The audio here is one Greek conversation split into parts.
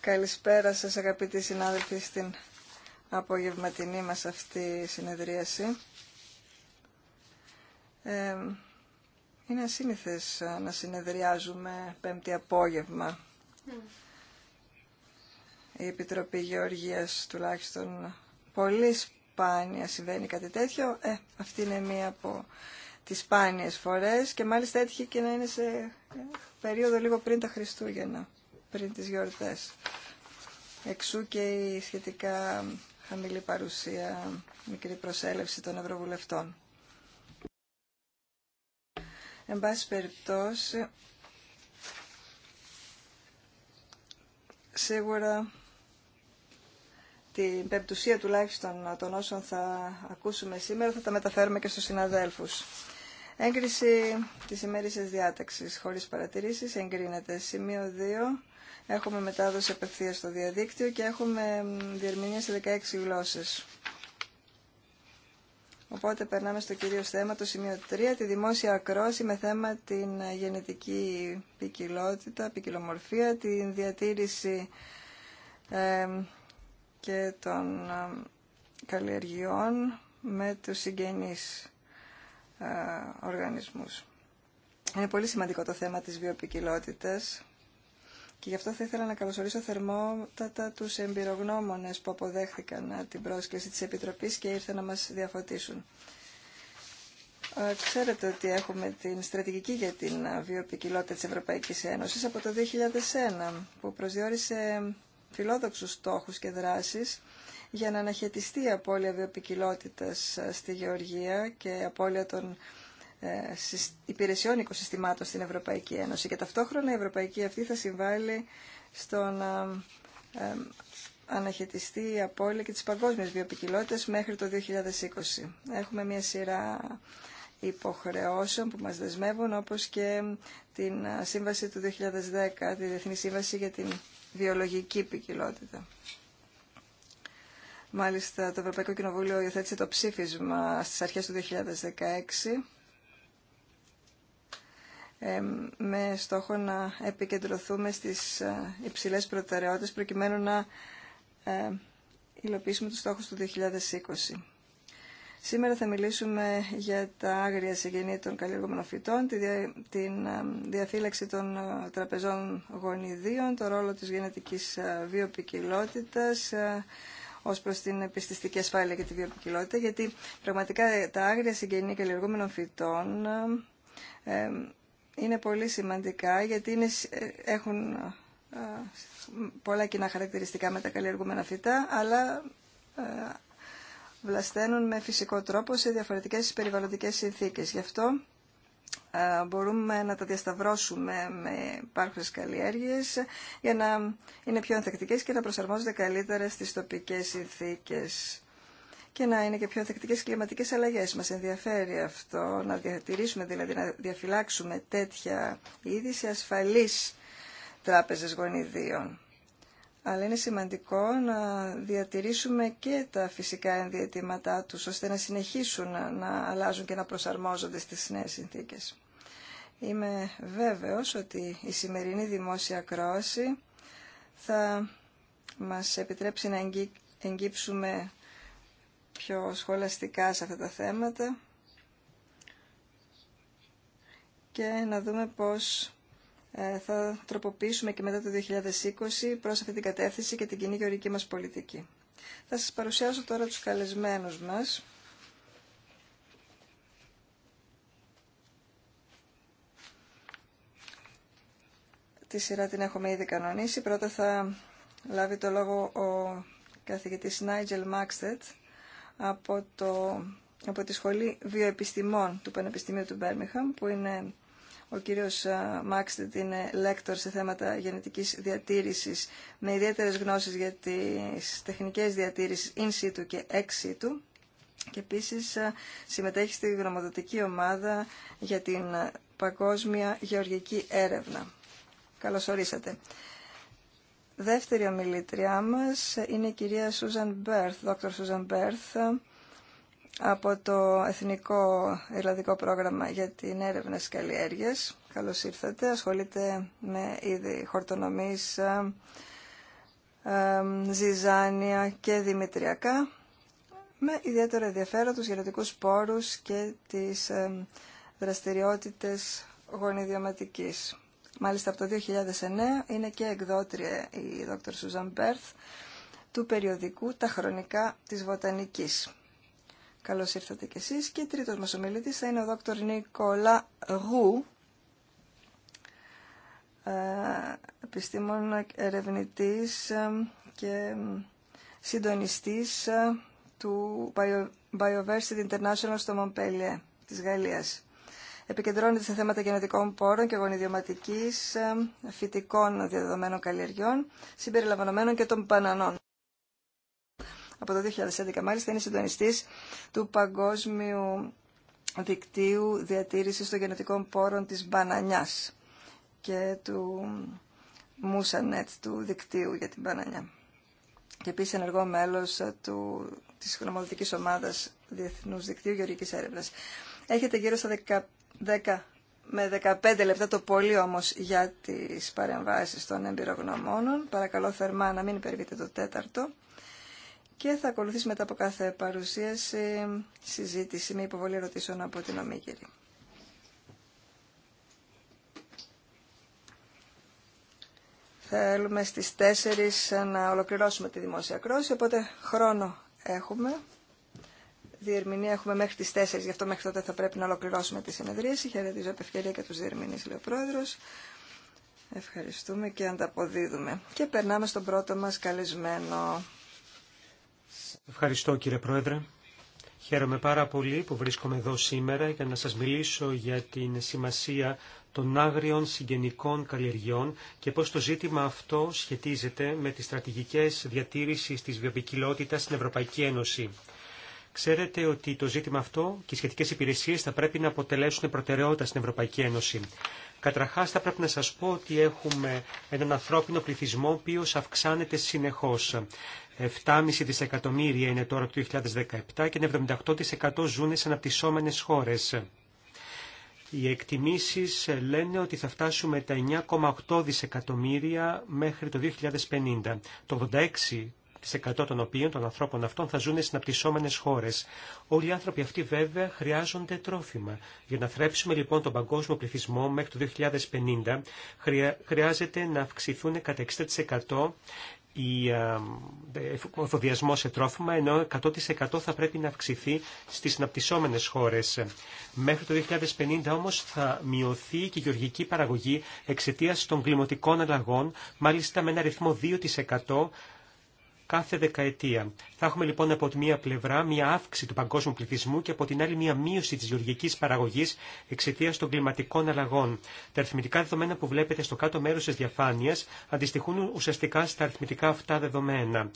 Καλησπέρα σας αγαπητοί συνάδελφοι στην απογευματινή μας αυτή συνεδρίαση. Ε, είναι ασύνηθες να συνεδριάζουμε πέμπτη απόγευμα. Η Επιτροπή Γεωργίας τουλάχιστον πολύ σπάνια συμβαίνει κάτι τέτοιο. Ε, αυτή είναι μία από τις σπάνιες φορές και μάλιστα έτυχε και να είναι σε περίοδο λίγο πριν τα Χριστούγεννα, πριν τις γιορτές. Εξού και η σχετικά χαμηλή παρουσία, μικρή προσέλευση των Ευρωβουλευτών. Εν πάση περιπτώσει, σίγουρα την πεμπτουσία τουλάχιστον των όσων θα ακούσουμε σήμερα θα τα μεταφέρουμε και στους συναδέλφους. Έγκριση της ημερήσιας διάταξης χωρίς παρατηρήσεις εγκρίνεται. Σημείο 2. Έχουμε μετάδοση απευθείας στο διαδίκτυο και έχουμε διερμηνία σε 16 γλώσσες. Οπότε περνάμε στο κυρίως θέμα, το σημείο 3, τη δημόσια ακρόση με θέμα την ε, γενετική ποικιλότητα, ποικιλομορφία, την διατήρηση και των ε, καλλιεργειών με τους συγγενείς ε, οργανισμούς. Είναι πολύ σημαντικό το θέμα της βιοπικιλότητας και γι' αυτό θα ήθελα να καλωσορίσω θερμότατα τους εμπειρογνώμονες που αποδέχθηκαν ε, την πρόσκληση της Επιτροπής και ήρθαν να μας διαφωτίσουν. Ε, ξέρετε ότι έχουμε την στρατηγική για την βιοπικιλότητα της Ευρωπαϊκής Ένωσης από το 2001 που προσδιορίσε φιλόδοξους στόχους και δράσεις για να αναχαιτιστεί η απώλεια βιοπικιλότητας ε, στη Γεωργία και η απώλεια των ε, υπηρεσιών οικοσυστημάτων στην Ευρωπαϊκή Ένωση. Και ταυτόχρονα η Ευρωπαϊκή αυτή θα συμβάλλει στο να ε, αναχαιτιστεί η απώλεια και της παγκόσμιες βιοπικιλότητας μέχρι το 2020. Έχουμε μια σειρά υποχρεώσεων που μας δεσμεύουν, όπως και την σύμβαση του 2010, τη Διεθνή Σύμβαση για την Βιολογική Ποικιλότητα. Μάλιστα, το Ευρωπαϊκό Κοινοβούλιο υιοθέτησε το ψήφισμα στις αρχές του 2016 ε, με στόχο να επικεντρωθούμε στις ε, υψηλές προτεραιότητες προκειμένου να ε, υλοποιήσουμε τους στόχους του 2020. Σήμερα θα μιλήσουμε για τα άγρια συγγενή των καλλιεργούμενων φυτών, τη την διαφύλαξη των τραπεζών γονιδίων, το ρόλο της γενετικής βιοπικιλότητας, Ω προ την επιστηστική ασφάλεια και τη βιοποικιλότητα, γιατί πραγματικά τα άγρια συγγενή καλλιεργούμενων φυτών ε, ε, είναι πολύ σημαντικά, γιατί είναι, ε, έχουν ε, πολλά κοινά χαρακτηριστικά με τα καλλιεργούμενα φυτά, αλλά ε, βλασταίνουν με φυσικό τρόπο σε διαφορετικές περιβαλλοντικές συνθήκες. Γι' αυτό μπορούμε να τα διασταυρώσουμε με υπάρχουσες καλλιέργειες για να είναι πιο ανθεκτικές και να προσαρμόζονται καλύτερα στις τοπικές συνθήκες και να είναι και πιο ανθεκτικές κλιματικές αλλαγές. Μας ενδιαφέρει αυτό, να διατηρήσουμε δηλαδή, να διαφυλάξουμε τέτοια είδη σε ασφαλείς τράπεζες γονιδίων αλλά είναι σημαντικό να διατηρήσουμε και τα φυσικά ενδιατήματά τους, ώστε να συνεχίσουν να αλλάζουν και να προσαρμόζονται στις νέες συνθήκες. Είμαι βέβαιος ότι η σημερινή δημόσια κρόση θα μας επιτρέψει να εγγύψουμε πιο σχολαστικά σε αυτά τα θέματα και να δούμε πώς ε, θα τροποποιήσουμε και μετά το 2020 προς αυτή την κατεύθυνση και την κοινή γεωρική μας πολιτική. Θα σας παρουσιάσω τώρα τους καλεσμένους μας. Τη σειρά την έχουμε ήδη κανονίσει. Πρώτα θα λάβει το λόγο ο καθηγητής Νάιτζελ Μάξτετ από, το, από τη Σχολή Βιοεπιστημών του Πανεπιστημίου του Μπέρμιχαμ, που είναι ο κύριος Μάξτε είναι λέκτορ σε θέματα γενετικής διατήρησης με ιδιαίτερες γνώσεις για τις τεχνικές διατήρησης in situ και ex situ και επίσης συμμετέχει στη γνωμοδοτική ομάδα για την παγκόσμια γεωργική έρευνα. Καλώς ορίσατε. Δεύτερη ομιλήτριά μας είναι η κυρία Σούζαν Μπέρθ, δόκτωρ Σούζαν Μπέρθ, από το Εθνικό Ελλαδικό Πρόγραμμα για την Έρευνα στις Καλλιέργειες. Καλώς ήρθατε. Ασχολείται με είδη χορτονομής, ε, ε, ζυζάνια και δημητριακά με ιδιαίτερο ενδιαφέρον τους γενετικούς πόρους και τις ε, δραστηριότητες γονιδιωματικής. Μάλιστα από το 2009 είναι και εκδότρια η δόκτωρ Σουζαν Μπέρθ του περιοδικού «Τα χρονικά της βοτανικής». Καλώ ήρθατε κι εσεί. Και τρίτος μα ομιλητής θα είναι ο δόκτωρ Νίκολα Γου, ε, επιστήμονα Ερευνητή ε, και συντονιστή ε, του Bioversity International στο Μομπέλιε τη Γαλλία, Επικεντρώνεται σε θέματα γενετικών πόρων και γονιδιωματικής φυτικών διαδεδομένων καλλιεργιών, συμπεριλαμβανομένων και των πανανών από το 2011. Μάλιστα είναι συντονιστής του Παγκόσμιου Δικτύου Διατήρησης των Γενετικών Πόρων της Μπανανιάς και του Μούσανετ του Δικτύου για την Μπανανιά. Και επίση ενεργό μέλο τη της ομάδα Ομάδας Διεθνούς Δικτύου Γεωργικής Έρευνας. Έχετε γύρω στα 10 με 15 λεπτά το πολύ όμω για τις παρεμβάσει των εμπειρογνωμόνων. Παρακαλώ θερμά να μην υπερβείτε το τέταρτο και θα ακολουθήσει μετά από κάθε παρουσίαση συζήτηση με υποβολή ερωτήσεων από την Ομίγυρη. Θέλουμε στις 4 να ολοκληρώσουμε τη δημόσια κρόση, οπότε χρόνο έχουμε. Διερμηνή έχουμε μέχρι τις 4, γι' αυτό μέχρι τότε θα πρέπει να ολοκληρώσουμε τη συνεδρίαση. Χαιρετίζω από ευκαιρία και τους διερμηνείς, λέει ο Πρόεδρος. Ευχαριστούμε και ανταποδίδουμε. Και περνάμε στον πρώτο μας καλεσμένο. Ευχαριστώ κύριε Πρόεδρε. Χαίρομαι πάρα πολύ που βρίσκομαι εδώ σήμερα για να σας μιλήσω για την σημασία των άγριων συγγενικών καλλιεργιών και πώς το ζήτημα αυτό σχετίζεται με τις στρατηγικές διατήρησης της βιοποικιλότητας στην Ευρωπαϊκή Ένωση. Ξέρετε ότι το ζήτημα αυτό και οι σχετικές υπηρεσίες θα πρέπει να αποτελέσουν προτεραιότητα στην Ευρωπαϊκή Ένωση. Καταρχά θα πρέπει να σα πω ότι έχουμε έναν ανθρώπινο πληθυσμό ο αυξάνεται συνεχώ. 7,5 δισεκατομμύρια είναι τώρα το 2017 και 78% ζουν σε αναπτυσσόμενες χώρες. Οι εκτιμήσεις λένε ότι θα φτάσουμε τα 9,8 δισεκατομμύρια μέχρι το 2050. Το 86% των οποίων, των ανθρώπων αυτών, θα ζουν σε αναπτυσσόμενες χώρες. Όλοι οι άνθρωποι αυτοί βέβαια χρειάζονται τρόφιμα. Για να θρέψουμε λοιπόν τον παγκόσμιο πληθυσμό μέχρι το 2050, χρειάζεται να αυξηθούν κατά 60% ε, ο εφοδιασμός σε τρόφιμα, ενώ 100% θα πρέπει να αυξηθεί στις αναπτυσσόμενες χώρες. Μέχρι το 2050 όμως θα μειωθεί και η γεωργική παραγωγή εξαιτίας των κλιματικών αλλαγών, μάλιστα με ένα ρυθμό 2% κάθε δεκαετία. Θα έχουμε λοιπόν από τη μία πλευρά μία αύξηση του παγκόσμιου πληθυσμού και από την άλλη μία μείωση τη γεωργική παραγωγή εξαιτία των κλιματικών αλλαγών. Τα αριθμητικά δεδομένα που βλέπετε στο κάτω μέρο τη διαφάνεια αντιστοιχούν ουσιαστικά στα αριθμητικά αυτά δεδομένα.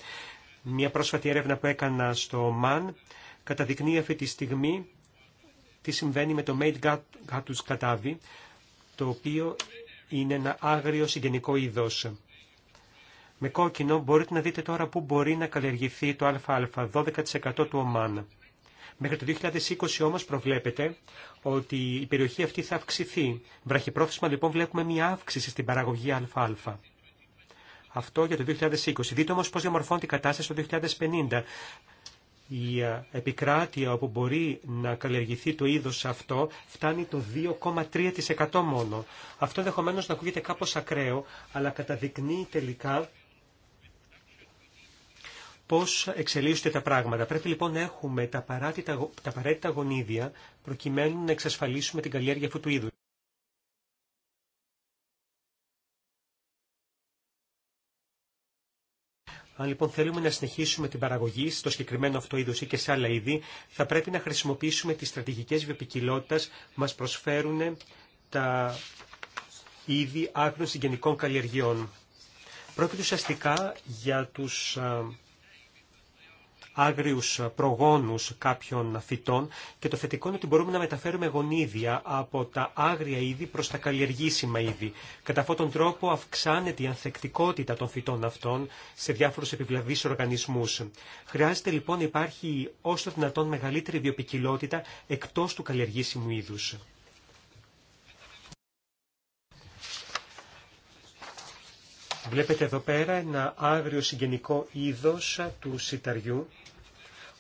Μία πρόσφατη έρευνα που έκανα στο ΜΑΝ καταδεικνύει αυτή τη στιγμή τι συμβαίνει με το Made Gatus Katavi, το οποίο είναι ένα άγριο συγγενικό είδος με κόκκινο μπορείτε να δείτε τώρα πού μπορεί να καλλιεργηθεί το ΑΑ, 12% του ΟΜΑΝ. Μέχρι το 2020 όμως προβλέπεται ότι η περιοχή αυτή θα αυξηθεί. Βραχυπρόθεσμα λοιπόν βλέπουμε μια αύξηση στην παραγωγή ΑΑ. Αυτό για το 2020. Δείτε όμως πώς διαμορφώνεται η κατάσταση το 2050. Η ε, επικράτεια όπου μπορεί να καλλιεργηθεί το είδος αυτό φτάνει το 2,3% μόνο. Αυτό ενδεχομένω να ακούγεται κάπως ακραίο, αλλά καταδεικνύει τελικά πώς εξελίσσονται τα πράγματα. Πρέπει λοιπόν να έχουμε τα, παράτητα, τα απαραίτητα γονίδια προκειμένου να εξασφαλίσουμε την καλλιέργεια αυτού του είδου. Αν λοιπόν θέλουμε να συνεχίσουμε την παραγωγή στο συγκεκριμένο αυτό είδος ή και σε άλλα είδη, θα πρέπει να χρησιμοποιήσουμε τις στρατηγικές βιοπικιλότητας που μας προσφέρουν τα είδη άγνωση συγγενικών καλλιεργειών. Πρόκειται ουσιαστικά για τους άγριους προγόνους κάποιων φυτών και το θετικό είναι ότι μπορούμε να μεταφέρουμε γονίδια από τα άγρια είδη προς τα καλλιεργήσιμα είδη. Κατά αυτόν τον τρόπο αυξάνεται η ανθεκτικότητα των φυτών αυτών σε διάφορους επιβλαβείς οργανισμούς. Χρειάζεται λοιπόν να υπάρχει όσο δυνατόν μεγαλύτερη βιοπικιλότητα εκτός του καλλιεργήσιμου είδους. Βλέπετε εδώ πέρα ένα άγριο συγγενικό είδος του σιταριού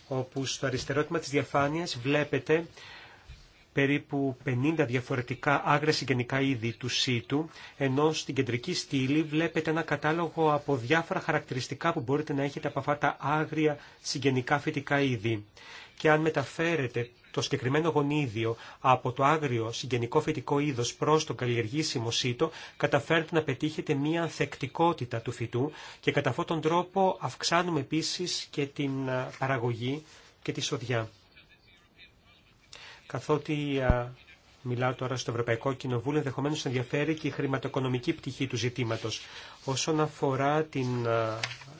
όπου στο αριστερότημα της διαφάνειας βλέπετε περίπου 50 διαφορετικά άγρια συγγενικά είδη του ΣΥΤΟΥ, ενώ στην κεντρική στήλη βλέπετε ένα κατάλογο από διάφορα χαρακτηριστικά που μπορείτε να έχετε από αυτά τα άγρια συγγενικά φυτικά είδη. Και αν μεταφέρετε το συγκεκριμένο γονίδιο από το άγριο συγγενικό φυτικό είδος προς το καλλιεργήσιμο σύτο... καταφέρνει να πετύχεται μία ανθεκτικότητα του φυτού και κατά αυτόν τον τρόπο αυξάνουμε επίσης και την παραγωγή και τη σοδιά. Καθότι Μιλάω τώρα στο Ευρωπαϊκό Κοινοβούλιο, ενδεχομένω ενδιαφέρει και η χρηματοοικονομική πτυχή του ζητήματο. Όσον αφορά την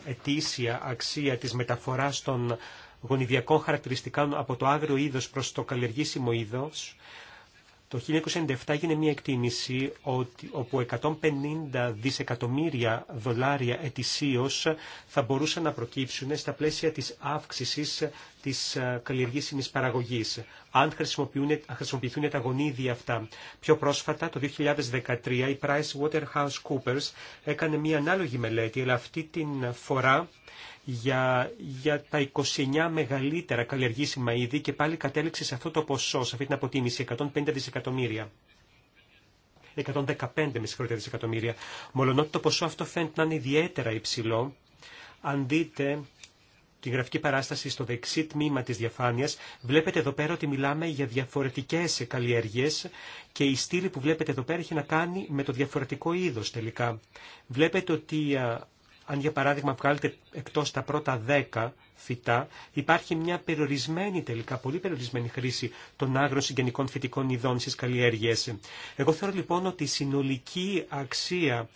ετήσια αξία τη μεταφορά των γονιδιακών χαρακτηριστικών από το άγριο είδος προς το καλλιεργήσιμο είδος, το 1997 έγινε μια εκτίμηση ότι, όπου 150 δισεκατομμύρια δολάρια ετησίως θα μπορούσαν να προκύψουν στα πλαίσια της αύξησης της ε, καλλιεργήσιμης παραγωγής, αν χρησιμοποιηθούν τα γονίδια αυτά. Πιο πρόσφατα, το 2013, η PricewaterhouseCoopers έκανε μία ανάλογη μελέτη, αλλά αυτή την φορά για, για τα 29 μεγαλύτερα καλλιεργήσιμα είδη και πάλι κατέληξε σε αυτό το ποσό, σε αυτή την αποτίμηση, 150 δισεκατομμύρια. 115 με συγχωρείτε δισεκατομμύρια. Μολονότι το ποσό αυτό φαίνεται να είναι ιδιαίτερα υψηλό, αν δείτε τη γραφική παράσταση στο δεξί τμήμα της διαφάνειας, βλέπετε εδώ πέρα ότι μιλάμε για διαφορετικές καλλιέργειες και η στήλη που βλέπετε εδώ πέρα έχει να κάνει με το διαφορετικό είδος τελικά. Βλέπετε ότι αν για παράδειγμα βγάλετε εκτός τα πρώτα 10 φυτά, υπάρχει μια περιορισμένη τελικά, πολύ περιορισμένη χρήση των άγρων συγγενικών φυτικών ειδών στις καλλιέργειες. Εγώ θεωρώ λοιπόν ότι η συνολική αξία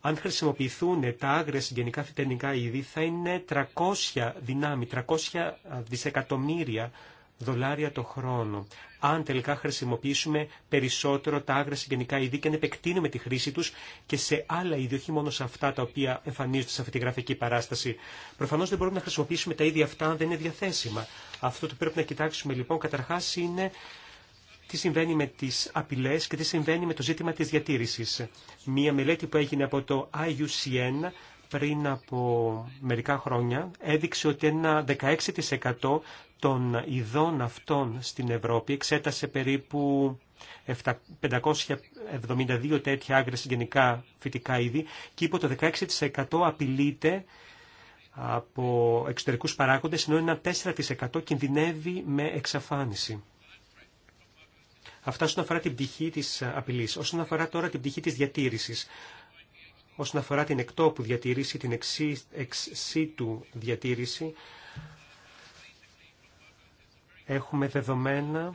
αν χρησιμοποιηθούν τα άγρια συγγενικά φυτενικά είδη, θα είναι 300 δυνάμει, 300 δισεκατομμύρια δολάρια το χρόνο. Αν τελικά χρησιμοποιήσουμε περισσότερο τα άγρια συγγενικά είδη και αν επεκτείνουμε τη χρήση τους και σε άλλα είδη, όχι μόνο σε αυτά τα οποία εμφανίζονται σε αυτή τη γραφική παράσταση. Προφανώς δεν μπορούμε να χρησιμοποιήσουμε τα ίδια αυτά αν δεν είναι διαθέσιμα. Αυτό που πρέπει να κοιτάξουμε λοιπόν καταρχάς είναι τι συμβαίνει με τις απειλές και τι συμβαίνει με το ζήτημα της διατήρησης. Μία μελέτη που έγινε από το IUCN πριν από μερικά χρόνια έδειξε ότι ένα 16% των ειδών αυτών στην Ευρώπη εξέτασε περίπου 572 τέτοια άγρια γενικά φυτικά είδη και είπε το 16% απειλείται από εξωτερικούς παράγοντες, ενώ ένα 4% κινδυνεύει με εξαφάνιση. Αυτά όσον αφορά την πτυχή της απειλή, Όσον αφορά τώρα την πτυχή της διατήρησης. Όσον αφορά την εκτόπου διατήρηση, την εξή, του διατήρηση, έχουμε δεδομένα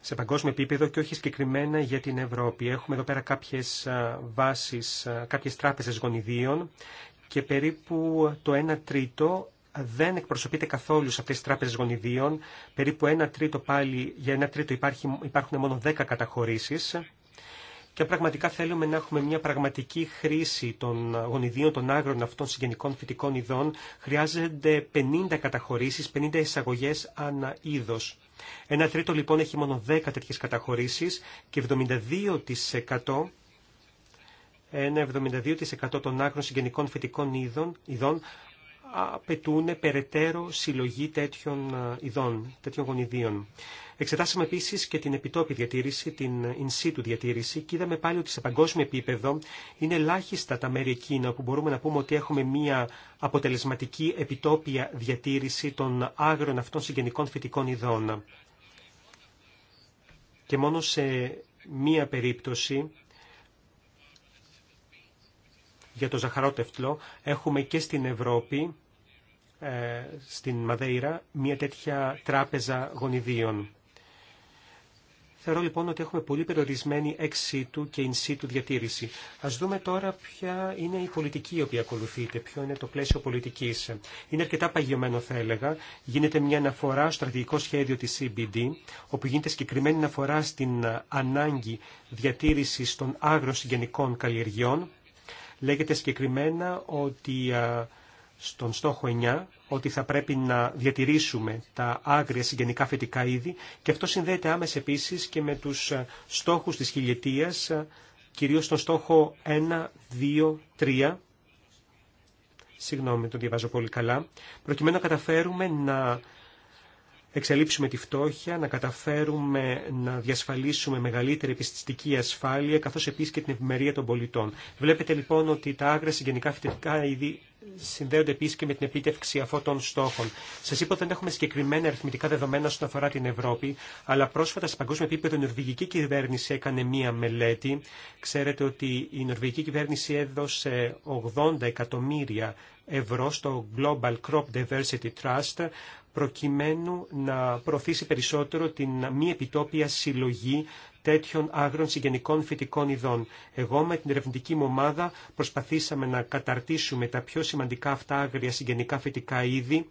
σε παγκόσμιο επίπεδο και όχι συγκεκριμένα για την Ευρώπη. Έχουμε εδώ πέρα κάποιες βάσεις, κάποιες τράπεζες γονιδίων και περίπου το 1 τρίτο δεν εκπροσωπείται καθόλου σε αυτές τις τράπεζες γονιδίων. Περίπου ένα τρίτο πάλι, για ένα τρίτο υπάρχει, υπάρχουν μόνο 10 καταχωρήσεις. Και πραγματικά θέλουμε να έχουμε μια πραγματική χρήση των γονιδίων των άγρων αυτών συγγενικών φυτικών ειδών, χρειάζονται 50 καταχωρήσεις, 50 εισαγωγές ανά είδος. Ένα τρίτο λοιπόν έχει μόνο 10 τέτοιες καταχωρήσεις και 72% ένα 72% των άγρων συγγενικών φυτικών ειδών απαιτούν περαιτέρω συλλογή τέτοιων ε, ειδών, τέτοιων γονιδίων. Εξετάσαμε επίση και την επιτόπη διατήρηση, την in situ διατήρηση και είδαμε πάλι ότι σε παγκόσμιο επίπεδο είναι ελάχιστα τα μέρη εκείνα που μπορούμε να πούμε ότι έχουμε μια αποτελεσματική επιτόπια διατήρηση των άγρων αυτών συγγενικών φυτικών ειδών. Και μόνο σε μία περίπτωση για το ζαχαρότευτλο. Έχουμε και στην Ευρώπη, ε, στην Μαδέιρα, μια τέτοια τράπεζα γονιδίων. Θεωρώ λοιπόν ότι έχουμε πολύ περιορισμένη έξι του και in situ διατήρηση. Α δούμε τώρα ποια είναι η πολιτική η οποία ακολουθείται, ποιο είναι το πλαίσιο πολιτική. Είναι αρκετά παγιωμένο, θα έλεγα. Γίνεται μια αναφορά στο στρατηγικό σχέδιο τη CBD, όπου γίνεται συγκεκριμένη αναφορά στην ανάγκη διατήρηση των άγρων συγγενικών καλλιεργιών λέγεται συγκεκριμένα ότι στον στόχο 9 ότι θα πρέπει να διατηρήσουμε τα άγρια συγγενικά φυτικά είδη και αυτό συνδέεται άμεσα επίσης και με τους στόχους της χιλιετίας, κυρίως στον στόχο 1, 2, 3, συγγνώμη, το διαβάζω πολύ καλά, προκειμένου να καταφέρουμε να εξελίψουμε τη φτώχεια, να καταφέρουμε να διασφαλίσουμε μεγαλύτερη επιστηστική ασφάλεια, καθώς επίσης και την ευημερία των πολιτών. Βλέπετε λοιπόν ότι τα άγρια συγγενικά φυτικά ήδη συνδέονται επίση και με την επίτευξη αυτών των στόχων. Σα είπα ότι δεν έχουμε συγκεκριμένα αριθμητικά δεδομένα όσον αφορά την Ευρώπη, αλλά πρόσφατα σε παγκόσμιο επίπεδο η νορβηγική κυβέρνηση έκανε μία μελέτη. Ξέρετε ότι η νορβηγική κυβέρνηση έδωσε 80 εκατομμύρια ευρώ στο Global Crop Diversity Trust προκειμένου να προωθήσει περισσότερο την μη επιτόπια συλλογή τέτοιων άγρων συγγενικών φυτικών ειδών. Εγώ με την ερευνητική μου ομάδα προσπαθήσαμε να καταρτήσουμε τα πιο σημαντικά αυτά άγρια συγγενικά φυτικά είδη.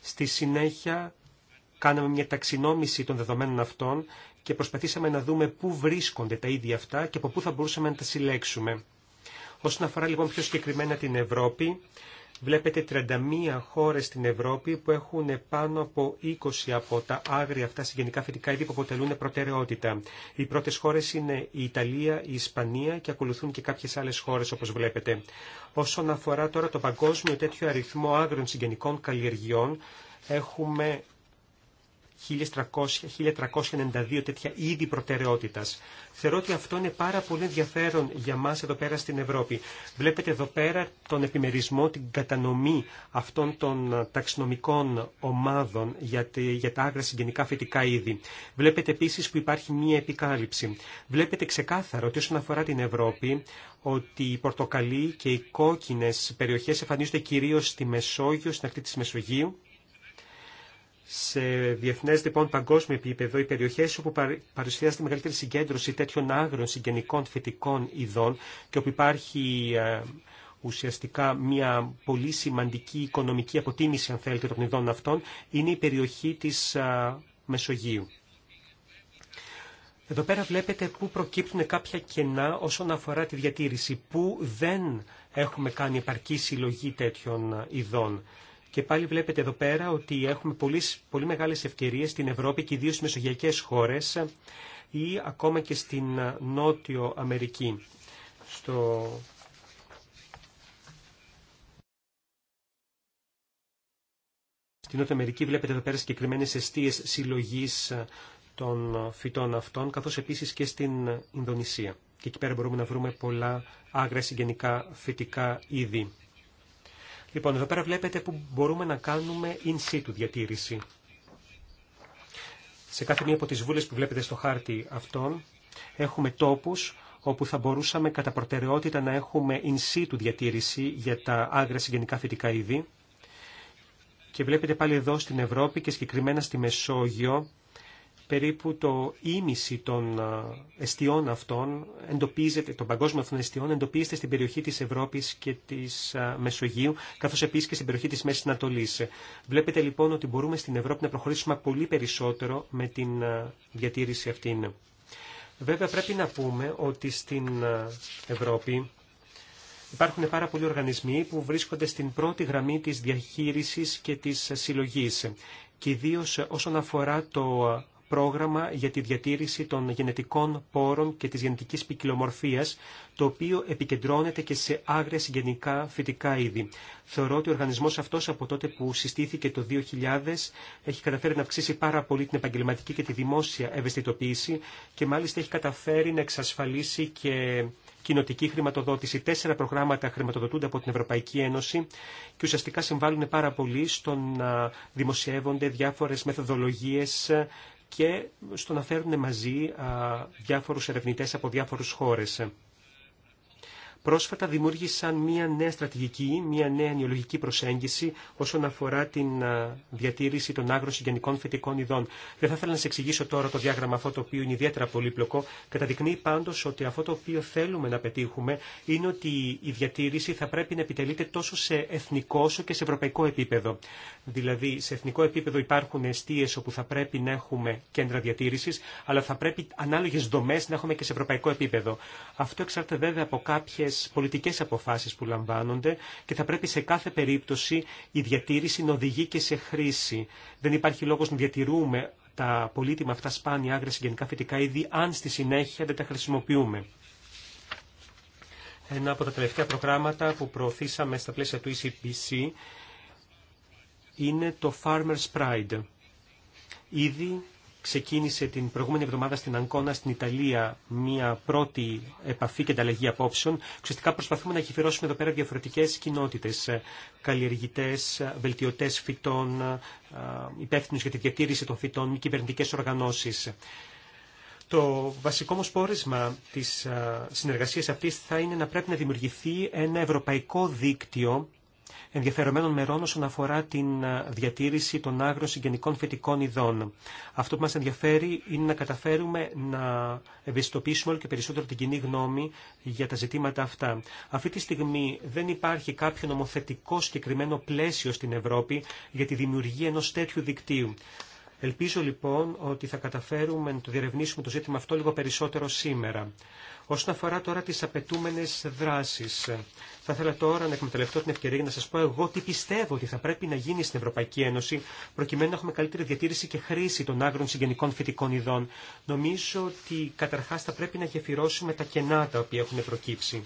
Στη συνέχεια κάναμε μια ταξινόμηση των δεδομένων αυτών και προσπαθήσαμε να δούμε πού βρίσκονται τα ίδια αυτά και από πού θα μπορούσαμε να τα συλλέξουμε. Όσον αφορά λοιπόν πιο συγκεκριμένα την Ευρώπη, Βλέπετε 31 χώρες στην Ευρώπη που έχουν πάνω από 20 από τα άγρια αυτά συγγενικά φυτικά είδη που αποτελούν προτεραιότητα. Οι πρώτες χώρες είναι η Ιταλία, η Ισπανία και ακολουθούν και κάποιες άλλες χώρες όπως βλέπετε. Όσον αφορά τώρα το παγκόσμιο τέτοιο αριθμό άγριων συγγενικών καλλιεργιών, έχουμε 1392 τέτοια είδη προτεραιότητα. Θεωρώ ότι αυτό είναι πάρα πολύ ενδιαφέρον για μα εδώ πέρα στην Ευρώπη. Βλέπετε εδώ πέρα τον επιμερισμό, την κατανομή αυτών των ταξινομικών ομάδων για τα άγρα συγγενικά φυτικά είδη. Βλέπετε επίση που υπάρχει μία επικάλυψη. Βλέπετε ξεκάθαρο ότι όσον αφορά την Ευρώπη, ότι οι πορτοκαλί και οι κόκκινε περιοχέ εμφανίζονται κυρίω στη Μεσόγειο, στην ακτή τη Μεσογείου σε διεθνέ λοιπόν παγκόσμιο επίπεδο, οι περιοχέ όπου παρουσιάζεται μεγαλύτερη συγκέντρωση τέτοιων άγρων συγγενικών φυτικών ειδών και όπου υπάρχει ε, ουσιαστικά μια πολύ σημαντική οικονομική αποτίμηση, αν θέλετε, των ειδών αυτών, είναι η περιοχή τη ε, Μεσογείου. Εδώ πέρα βλέπετε πού προκύπτουν κάποια κενά όσον αφορά τη διατήρηση, πού δεν έχουμε κάνει επαρκή συλλογή τέτοιων ε, ειδών. Και πάλι βλέπετε εδώ πέρα ότι έχουμε πολύ, πολύ μεγάλες ευκαιρίες στην Ευρώπη και ιδίως στις μεσογειακές χώρες ή ακόμα και στην Νότιο Αμερική. Στο... Στην Νότια Αμερική βλέπετε εδώ πέρα συγκεκριμένε αιστείες συλλογής των φυτών αυτών, καθώς επίσης και στην Ινδονησία. Και εκεί πέρα μπορούμε να βρούμε πολλά άγρια συγγενικά φυτικά είδη. Λοιπόν, εδώ πέρα βλέπετε που μπορούμε να κάνουμε in situ διατήρηση. Σε κάθε μία από τις βούλες που βλέπετε στο χάρτη αυτόν έχουμε τόπους όπου θα μπορούσαμε κατά προτεραιότητα να έχουμε in situ διατήρηση για τα άγρια συγγενικά φυτικά είδη. Και βλέπετε πάλι εδώ στην Ευρώπη και συγκεκριμένα στη Μεσόγειο περίπου το ίμιση των ε, εστιών αυτών εντοπίζεται, των παγκόσμιων αυτών εστιών εντοπίζεται στην περιοχή της Ευρώπης και της ε, Μεσογείου, καθώς επίσης και στην περιοχή της Μέσης Ανατολής. Βλέπετε λοιπόν ότι μπορούμε στην Ευρώπη να προχωρήσουμε πολύ περισσότερο με την ε, διατήρηση αυτήν. Βέβαια πρέπει να πούμε ότι στην Ευρώπη υπάρχουν πάρα πολλοί οργανισμοί που βρίσκονται στην πρώτη γραμμή της διαχείρισης και της συλλογής και ιδίω όσον αφορά το πρόγραμμα για τη διατήρηση των γενετικών πόρων και της γενετικής ποικιλομορφία, το οποίο επικεντρώνεται και σε άγρια συγγενικά φυτικά είδη. Θεωρώ ότι ο οργανισμός αυτός από τότε που συστήθηκε το 2000 έχει καταφέρει να αυξήσει πάρα πολύ την επαγγελματική και τη δημόσια ευαισθητοποίηση και μάλιστα έχει καταφέρει να εξασφαλίσει και κοινοτική χρηματοδότηση. Τέσσερα προγράμματα χρηματοδοτούνται από την Ευρωπαϊκή Ένωση και ουσιαστικά συμβάλλουν πάρα πολύ στο να δημοσιεύονται διάφορες μεθοδολογίες και στο να φέρουν μαζί διάφορους ερευνητές από διάφορους χώρες πρόσφατα δημιούργησαν μία νέα στρατηγική, μία νέα νεολογική προσέγγιση όσον αφορά την διατήρηση των άγρων συγγενικών φυτικών ειδών. Δεν θα ήθελα να σε εξηγήσω τώρα το διάγραμμα αυτό το οποίο είναι ιδιαίτερα πολύπλοκο. Καταδεικνύει πάντω ότι αυτό το οποίο θέλουμε να πετύχουμε είναι ότι η διατήρηση θα πρέπει να επιτελείται τόσο σε εθνικό όσο και σε ευρωπαϊκό επίπεδο. Δηλαδή, σε εθνικό επίπεδο υπάρχουν αιστείε όπου θα πρέπει να έχουμε κέντρα διατήρηση, αλλά θα πρέπει ανάλογε δομέ να έχουμε και σε ευρωπαϊκό επίπεδο. Αυτό εξαρτάται βέβαια από κάποιε πολιτικές αποφάσεις που λαμβάνονται και θα πρέπει σε κάθε περίπτωση η διατήρηση να οδηγεί και σε χρήση. Δεν υπάρχει λόγος να διατηρούμε τα πολύτιμα αυτά σπάνια άγρια συγγενικά φυτικά είδη αν στη συνέχεια δεν τα χρησιμοποιούμε. Ένα από τα τελευταία προγράμματα που προωθήσαμε στα πλαίσια του ECPC είναι το Farmer's Pride. Ήδη ξεκίνησε την προηγούμενη εβδομάδα στην Αγκώνα στην Ιταλία μια πρώτη επαφή και ανταλλαγή απόψεων. Ουσιαστικά προσπαθούμε να γεφυρώσουμε εδώ πέρα διαφορετικέ κοινότητε. Καλλιεργητέ, βελτιωτέ φυτών, υπεύθυνου για τη διατήρηση των φυτών, μη κυβερνητικέ οργανώσει. Το βασικό όμω πόρισμα τη συνεργασία αυτή θα είναι να πρέπει να δημιουργηθεί ένα ευρωπαϊκό δίκτυο ενδιαφερομένων μερών όσον αφορά την διατήρηση των άγρων συγγενικών φυτικών ειδών. Αυτό που μας ενδιαφέρει είναι να καταφέρουμε να ευαισθητοποιήσουμε όλο και περισσότερο την κοινή γνώμη για τα ζητήματα αυτά. Αυτή τη στιγμή δεν υπάρχει κάποιο νομοθετικό συγκεκριμένο πλαίσιο στην Ευρώπη για τη δημιουργία ενός τέτοιου δικτύου. Ελπίζω λοιπόν ότι θα καταφέρουμε να το διερευνήσουμε το ζήτημα αυτό λίγο περισσότερο σήμερα. Όσον αφορά τώρα τις απαιτούμενε δράσεις, θα ήθελα τώρα να εκμεταλλευτώ την ευκαιρία να σας πω εγώ τι πιστεύω ότι θα πρέπει να γίνει στην Ευρωπαϊκή Ένωση προκειμένου να έχουμε καλύτερη διατήρηση και χρήση των άγρων συγγενικών φυτικών ειδών. Νομίζω ότι καταρχάς θα πρέπει να γεφυρώσουμε τα κενά τα οποία έχουν προκύψει.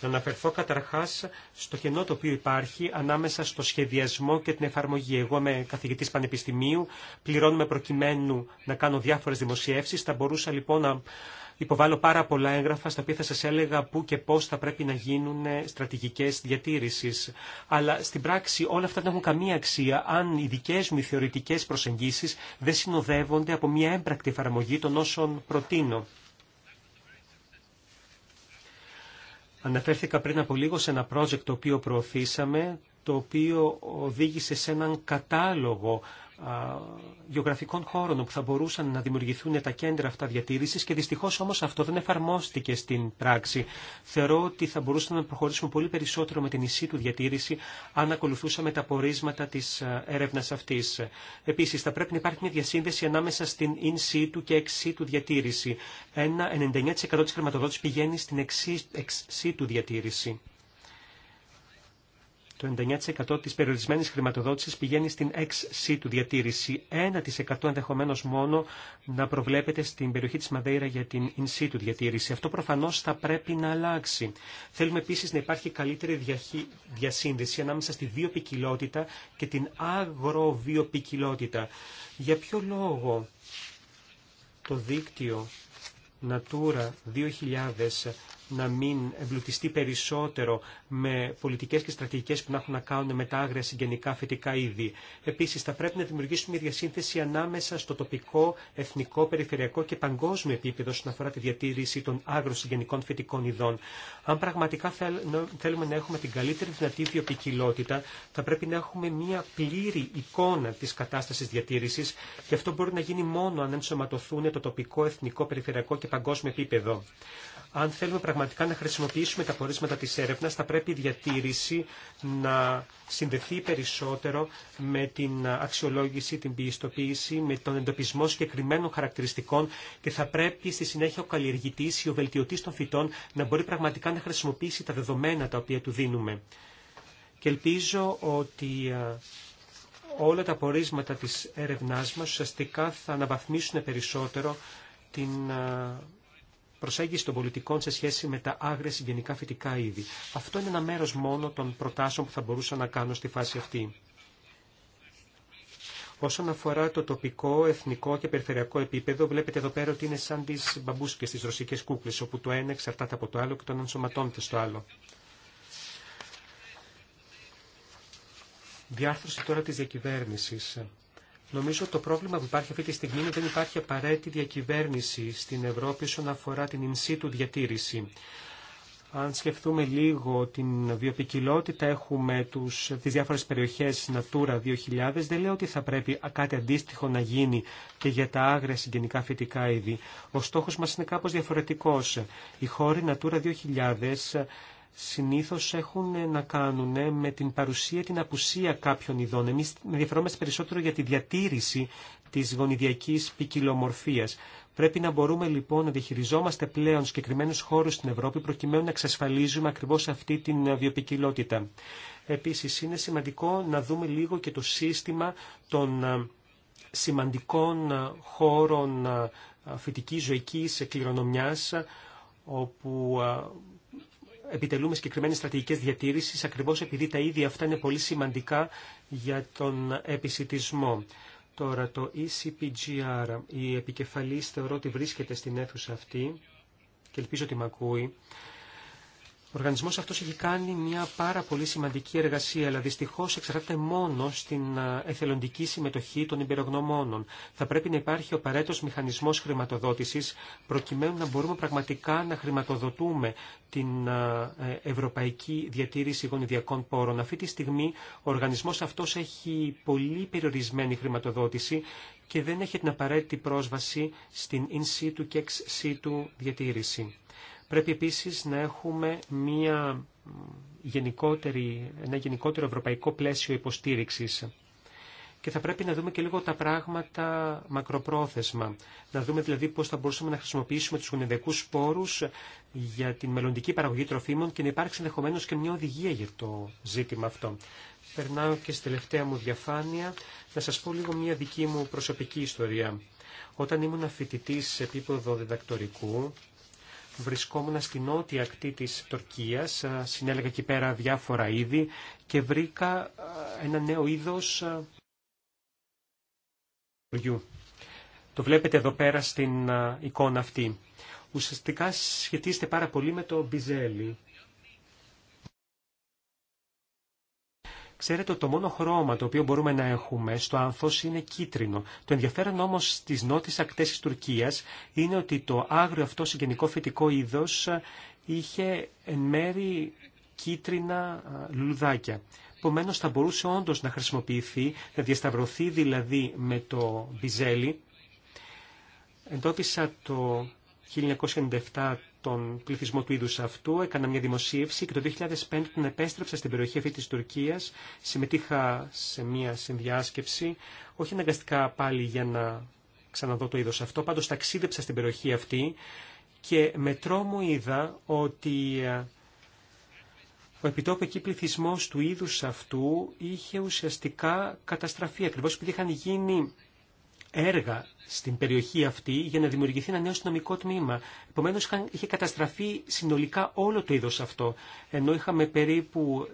Να αναφερθώ καταρχάς στο κενό το οποίο υπάρχει ανάμεσα στο σχεδιασμό και την εφαρμογή. Εγώ είμαι καθηγητής πανεπιστημίου, πληρώνουμε προκειμένου να κάνω διάφορες δημοσιεύσεις, θα μπορούσα λοιπόν να υποβάλω πάρα πολλά έγγραφα στα οποία θα σας έλεγα πού και πώς θα πρέπει να γίνουν στρατηγικές διατήρησει. Αλλά στην πράξη όλα αυτά δεν έχουν καμία αξία αν οι δικές μου θεωρητικές προσεγγίσεις δεν συνοδεύονται από μια έμπρακτη εφαρμογή των όσων προτείνω. Αναφέρθηκα πριν από λίγο σε ένα project το οποίο προωθήσαμε, το οποίο οδήγησε σε έναν κατάλογο γεωγραφικών χώρων όπου θα μπορούσαν να δημιουργηθούν τα κέντρα αυτά διατήρησης και δυστυχώς όμως αυτό δεν εφαρμόστηκε στην πράξη. Θεωρώ ότι θα μπορούσαμε να προχωρήσουμε πολύ περισσότερο με την ισή του διατήρηση αν ακολουθούσαμε τα πορίσματα της έρευνας αυτής. Επίσης θα πρέπει να υπάρχει μια διασύνδεση ανάμεσα στην in situ και ex situ διατήρηση. Ένα 99% της χρηματοδότησης πηγαίνει στην ex situ διατήρηση. Το 99% της περιορισμένης χρηματοδότησης πηγαίνει στην ex του διατήρηση. 1% ενδεχομένω μόνο να προβλέπεται στην περιοχή της Μαδέιρα για την in situ διατήρηση. Αυτό προφανώς θα πρέπει να αλλάξει. Θέλουμε επίσης να υπάρχει καλύτερη διασύνδεση ανάμεσα στη βιοπικιλότητα και την αγροβιοπικιλότητα. Για ποιο λόγο το δίκτυο Natura 2000 να μην εμπλουτιστεί περισσότερο με πολιτικές και στρατηγικές που να έχουν να κάνουν με τα άγρια συγγενικά φυτικά είδη. Επίσης, θα πρέπει να δημιουργήσουμε μια διασύνθεση ανάμεσα στο τοπικό, εθνικό, περιφερειακό και παγκόσμιο επίπεδο όσον αφορά τη διατήρηση των άγρων συγγενικών φυτικών ειδών. Αν πραγματικά θέλουμε να έχουμε την καλύτερη δυνατή βιοπικιλότητα, θα πρέπει να έχουμε μια πλήρη εικόνα της κατάστασης διατήρησης και αυτό μπορεί να γίνει μόνο αν ενσωματωθούν το τοπικό, εθνικό, περιφερειακό και παγκόσμιο επίπεδο. Αν θέλουμε πραγματικά να χρησιμοποιήσουμε τα πορίσματα της έρευνας, θα πρέπει η διατήρηση να συνδεθεί περισσότερο με την αξιολόγηση, την πιστοποίηση, με τον εντοπισμό συγκεκριμένων χαρακτηριστικών και θα πρέπει στη συνέχεια ο καλλιεργητής ή ο βελτιωτής των φυτών να μπορεί πραγματικά να χρησιμοποιήσει τα δεδομένα τα οποία του δίνουμε. Και ελπίζω ότι όλα τα πορίσματα της έρευνάς μας ουσιαστικά θα αναβαθμίσουν περισσότερο την προσέγγιση των πολιτικών σε σχέση με τα άγρια συγγενικά φυτικά είδη. Αυτό είναι ένα μέρος μόνο των προτάσεων που θα μπορούσα να κάνω στη φάση αυτή. Όσον αφορά το τοπικό, εθνικό και περιφερειακό επίπεδο, βλέπετε εδώ πέρα ότι είναι σαν τι μπαμπούσκε, τι ρωσικέ κούκλε, όπου το ένα εξαρτάται από το άλλο και το ένα ενσωματώνεται στο άλλο. Διάρθρωση τώρα τη διακυβέρνηση. Νομίζω το πρόβλημα που υπάρχει αυτή τη στιγμή είναι ότι δεν υπάρχει απαραίτητη διακυβέρνηση στην Ευρώπη όσον αφορά την in του διατήρηση. Αν σκεφτούμε λίγο την βιοπικιλότητα, έχουμε τους, τις διάφορες περιοχές Natura 2000. Δεν λέω ότι θα πρέπει κάτι αντίστοιχο να γίνει και για τα άγρια συγγενικά φυτικά είδη. Ο στόχος μας είναι κάπως διαφορετικός. Οι χώροι Natura 2000 συνήθως έχουν να κάνουν με την παρουσία την απουσία κάποιων ειδών. Εμείς ενδιαφερόμαστε περισσότερο για τη διατήρηση της γονιδιακής ποικιλομορφία. Πρέπει να μπορούμε λοιπόν να διαχειριζόμαστε πλέον συγκεκριμένου χώρου στην Ευρώπη προκειμένου να εξασφαλίζουμε ακριβώς αυτή την βιοπικιλότητα. Επίσης είναι σημαντικό να δούμε λίγο και το σύστημα των ε, σημαντικών ε, χώρων ε, φυτικής ζωικής κληρονομιάς όπου επιτελούμε συγκεκριμένε στρατηγικέ διατήρηση, ακριβώ επειδή τα ίδια αυτά είναι πολύ σημαντικά για τον επισητισμό. Τώρα το ECPGR, η επικεφαλής θεωρώ ότι βρίσκεται στην αίθουσα αυτή και ελπίζω ότι με ακούει. Οργανισμό αυτό έχει κάνει μια πάρα πολύ σημαντική εργασία, αλλά δυστυχώ εξαρτάται μόνο στην εθελοντική συμμετοχή των υπερογνωμόνων. Θα πρέπει να υπάρχει ο παρέτος μηχανισμό χρηματοδότηση προκειμένου να μπορούμε πραγματικά να χρηματοδοτούμε την ε, Ευρωπαϊκή Διατήρηση Γονιδιακών Πόρων. Αυτή τη στιγμή ο οργανισμό αυτό έχει πολύ περιορισμένη χρηματοδότηση και δεν έχει την απαραίτητη πρόσβαση στην in situ και ex situ διατήρηση. Πρέπει επίσης να έχουμε μια γενικότερη, ένα γενικότερο ευρωπαϊκό πλαίσιο υποστήριξης. Και θα πρέπει να δούμε και λίγο τα πράγματα μακροπρόθεσμα. Να δούμε δηλαδή πώς θα μπορούσαμε να χρησιμοποιήσουμε τους γονιδιακούς σπόρους για την μελλοντική παραγωγή τροφίμων και να υπάρξει ενδεχομένω και μια οδηγία για το ζήτημα αυτό. Περνάω και στη τελευταία μου διαφάνεια να σας πω λίγο μια δική μου προσωπική ιστορία. Όταν ήμουν φοιτητή σε επίπεδο διδακτορικού, Βρισκόμουν στην νότια ακτή της Τουρκίας, ε, συνέλεγα εκεί πέρα διάφορα είδη και βρήκα ε, ένα νέο είδος ε, Το βλέπετε εδώ πέρα στην εικόνα αυτή. Ουσιαστικά σχετίζεται πάρα πολύ με το μπιζέλι. Ξέρετε ότι το μόνο χρώμα το οποίο μπορούμε να έχουμε στο άνθος είναι κίτρινο. Το ενδιαφέρον όμως στις νότιες ακτές της Τουρκίας είναι ότι το άγριο αυτό συγγενικό φυτικό είδος ε, είχε εν μέρη κίτρινα ε, λουλουδάκια. Επομένω θα μπορούσε όντω να χρησιμοποιηθεί, να διασταυρωθεί δηλαδή με το μπιζέλι. Εντόπισα το 1997 τον πληθυσμό του είδους αυτού, έκανα μια δημοσίευση και το 2005 τον επέστρεψα στην περιοχή αυτή της Τουρκίας, συμμετείχα σε μια συνδιάσκεψη, όχι αναγκαστικά πάλι για να ξαναδώ το είδος αυτό, πάντως ταξίδεψα στην περιοχή αυτή και με τρόμο είδα ότι ε, ο επιτόπου εκεί πληθυσμός του είδους αυτού είχε ουσιαστικά καταστραφεί, ακριβώς επειδή είχαν γίνει έργα στην περιοχή αυτή για να δημιουργηθεί ένα νέο αστυνομικό τμήμα. Επομένως, είχε καταστραφεί συνολικά όλο το ειδος αυτο αυτό. Ενώ είχαμε περίπου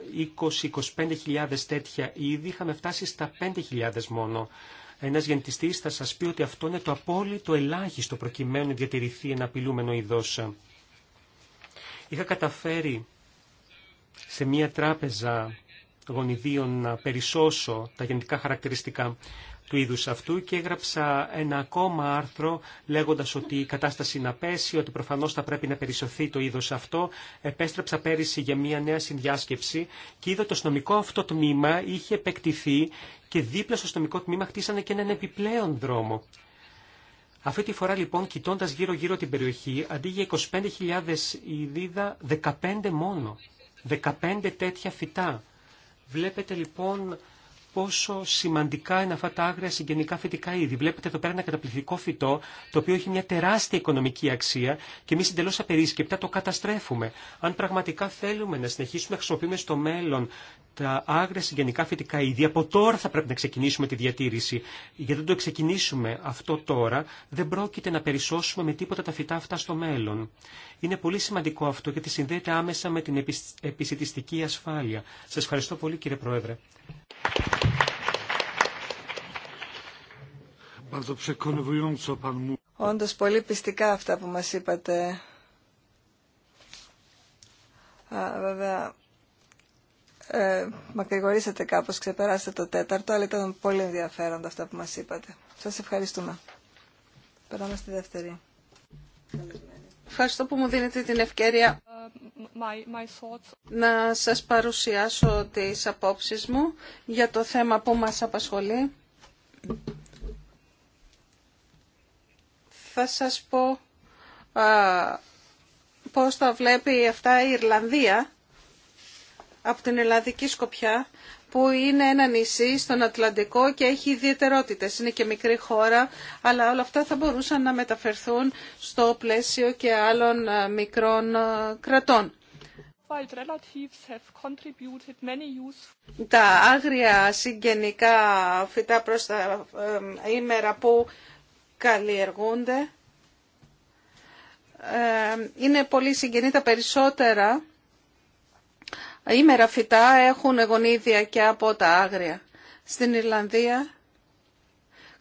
20-25.000 τέτοια είδη, είχαμε φτάσει στα 5.000 μόνο. Ένα γεννητιστή θα σα πει ότι αυτό είναι το απόλυτο ελάχιστο προκειμένου να διατηρηθεί ένα απειλούμενο είδο. Είχα καταφέρει σε μία τράπεζα γονιδίων να περισσώσω τα γεννητικά χαρακτηριστικά του είδους αυτού και έγραψα ένα ακόμα άρθρο λέγοντας ότι η κατάσταση να πέσει, ότι προφανώς θα πρέπει να περισωθεί το είδος αυτό. Επέστρεψα πέρυσι για μια νέα συνδιάσκεψη και είδα το αστυνομικό αυτό τμήμα είχε επεκτηθεί και δίπλα στο αστυνομικό τμήμα χτίσανε και έναν επιπλέον δρόμο. Αυτή τη φορά λοιπόν κοιτώντα γύρω-γύρω την περιοχή, αντί για 25.000 ειδίδα, 15 μόνο. 15 τέτοια φυτά. Βλέπετε λοιπόν πόσο σημαντικά είναι αυτά τα άγρια συγγενικά φυτικά είδη. Βλέπετε εδώ πέρα ένα καταπληκτικό φυτό, το οποίο έχει μια τεράστια οικονομική αξία και εμεί εντελώ απερίσκεπτα το καταστρέφουμε. Αν πραγματικά θέλουμε να συνεχίσουμε να χρησιμοποιούμε στο μέλλον τα άγρια συγγενικά φυτικά είδη. Από τώρα θα πρέπει να ξεκινήσουμε τη διατήρηση. Γιατί δεν το ξεκινήσουμε αυτό τώρα, δεν πρόκειται να περισσώσουμε με τίποτα τα φυτά αυτά στο μέλλον. Είναι πολύ σημαντικό αυτό γιατί συνδέεται άμεσα με την επισητιστική ασφάλεια. Σα ευχαριστώ πολύ κύριε Πρόεδρε. Όντω πολύ πιστικά αυτά που μας είπατε. βέβαια, ε, μακρηγορήσατε κάπως, ξεπεράσατε το τέταρτο, αλλά ήταν πολύ ενδιαφέροντα αυτά που μας είπατε. Σας ευχαριστούμε. Περάμε στη δεύτερη. Ευχαριστώ που μου δίνετε την ευκαιρία ε, να σας παρουσιάσω τις απόψεις μου για το θέμα που μας απασχολεί. Θα σας πω πώ πώς τα βλέπει αυτά η Ιρλανδία από την ελλαδική σκοπιά που είναι ένα νησί στον Ατλαντικό και έχει ιδιαιτερότητες. Είναι και μικρή χώρα, αλλά όλα αυτά θα μπορούσαν να μεταφερθούν στο πλαίσιο και άλλων ε, μικρών ε, κρατών. Τα άγρια συγγενικά φυτά προς τα ημέρα ε, που καλλιεργούνται είναι πολύ συγγενή τα περισσότερα Ήμερα φυτά έχουν γονίδια και από τα άγρια. Στην Ιρλανδία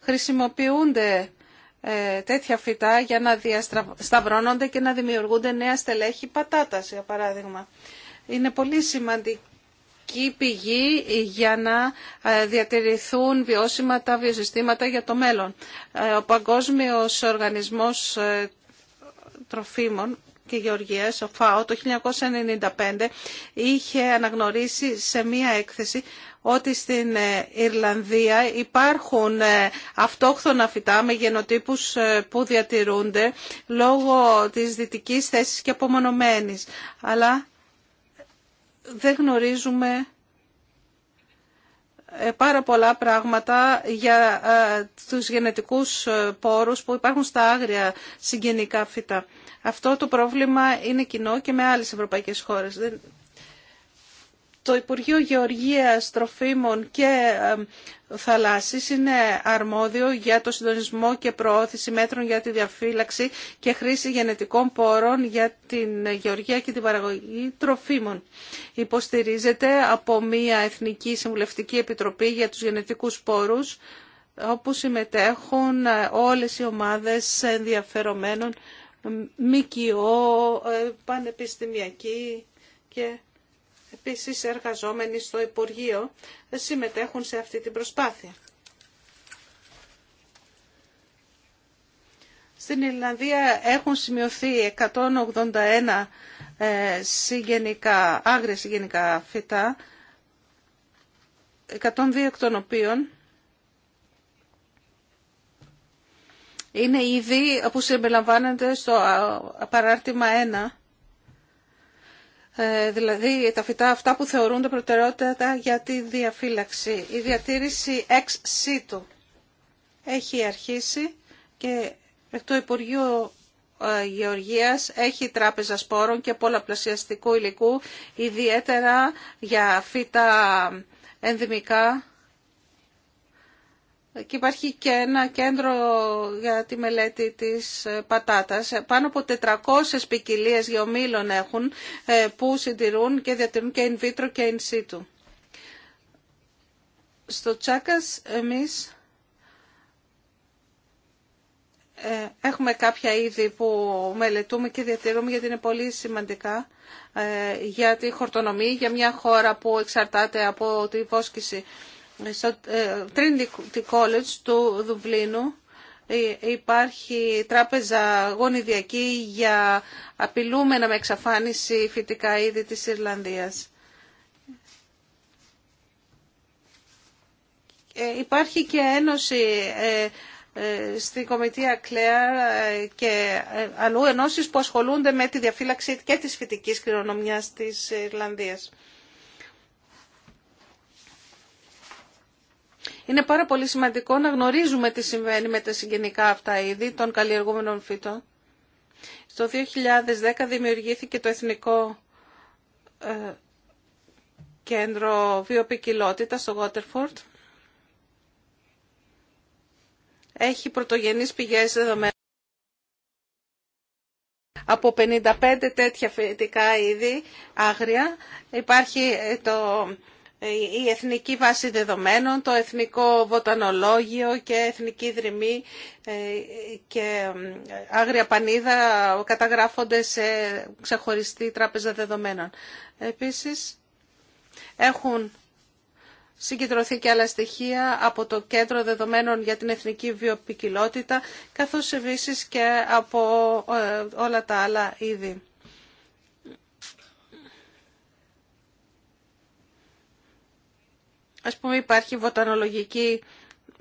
χρησιμοποιούνται ε, τέτοια φυτά για να διασταυρώνονται και να δημιουργούνται νέα στελέχη πατάτας, για παράδειγμα. Είναι πολύ σημαντική πηγή για να ε, διατηρηθούν βιώσιμα τα βιοσυστήματα για το μέλλον. Ε, ο Παγκόσμιος Οργανισμός Τροφίμων και Γεωργίας, ο ΦΑΟ, το 1995 είχε αναγνωρίσει σε μία έκθεση ότι στην ε, Ιρλανδία υπάρχουν ε, αυτόχθονα φυτά με γενοτύπους ε, που διατηρούνται λόγω της δυτικής θέσης και απομονωμένης. Αλλά δεν γνωρίζουμε ε, πάρα πολλά πράγματα για ε, τους γενετικούς ε, πόρους που υπάρχουν στα άγρια συγγενικά φυτά. Αυτό το πρόβλημα είναι κοινό και με άλλες ευρωπαϊκές χώρες. Το Υπουργείο Γεωργίας, Τροφίμων και θαλάσσης είναι αρμόδιο για το συντονισμό και προώθηση μέτρων για τη διαφύλαξη και χρήση γενετικών πόρων για την γεωργία και την παραγωγή τροφίμων. Υποστηρίζεται από μια Εθνική Συμβουλευτική Επιτροπή για τους Γενετικούς Πόρους όπου συμμετέχουν όλες οι ομάδες ενδιαφερομένων ΜΚΟ, πανεπιστημιακοί και Επίσης, εργαζόμενοι στο Υπουργείο συμμετέχουν σε αυτή την προσπάθεια. Στην Ιρλανδία έχουν σημειωθεί 181 ε, συγγενικά, άγρια συγγενικά φυτά, 102 εκ των οποίων είναι ήδη που συμπεριλαμβάνονται στο παράρτημα 1 ε, δηλαδή τα φυτά αυτά που θεωρούνται προτεραιότητα για τη διαφύλαξη. Η διατήρηση εξ situ έχει αρχίσει και το Υπουργείο ε, Γεωργίας έχει τράπεζα σπόρων και πολλαπλασιαστικού υλικού, ιδιαίτερα για φύτα ενδυμικά και υπάρχει και ένα κέντρο για τη μελέτη της ε, πατάτας. Ε, πάνω από 400 ποικιλίε γεωμήλων έχουν ε, που συντηρούν και διατηρούν και in vitro και in situ. Στο Τσάκας εμείς έχουμε κάποια είδη που μελετούμε και διατηρούμε γιατί είναι πολύ σημαντικά για τη χορτονομή, για μια χώρα που εξαρτάται από τη βόσκηση στο ε, Trinity College του Δουβλίνου ε, υπάρχει τράπεζα γονιδιακή για απειλούμενα με εξαφάνιση φυτικά είδη της Ιρλανδίας. Ε, υπάρχει και ένωση στην Κομιτεία Κλέαρ και αλλού ενώσεις που ασχολούνται με τη διαφύλαξη και της φυτικής κληρονομιάς της Ιρλανδίας. Είναι πάρα πολύ σημαντικό να γνωρίζουμε τι συμβαίνει με τα συγγενικά αυτά είδη των καλλιεργούμενων φυτών. Στο 2010 δημιουργήθηκε το Εθνικό ε, Κέντρο Βιοπικιλότητα στο Γότερφορντ. Έχει πρωτογενείς πηγές δεδομένων από 55 τέτοια φυτικά είδη άγρια. Υπάρχει ε, το ε, η Εθνική Βάση Δεδομένων, το Εθνικό Βοτανολόγιο και Εθνική Δρυμή ε, και ε, Άγρια Πανίδα καταγράφονται σε ξεχωριστή τράπεζα δεδομένων. Επίσης, έχουν συγκεντρωθεί και άλλα στοιχεία από το Κέντρο Δεδομένων για την Εθνική Βιοπικιλότητα, καθώς επίσης και από όλα τα άλλα είδη. Ας πούμε υπάρχει βοτανολογική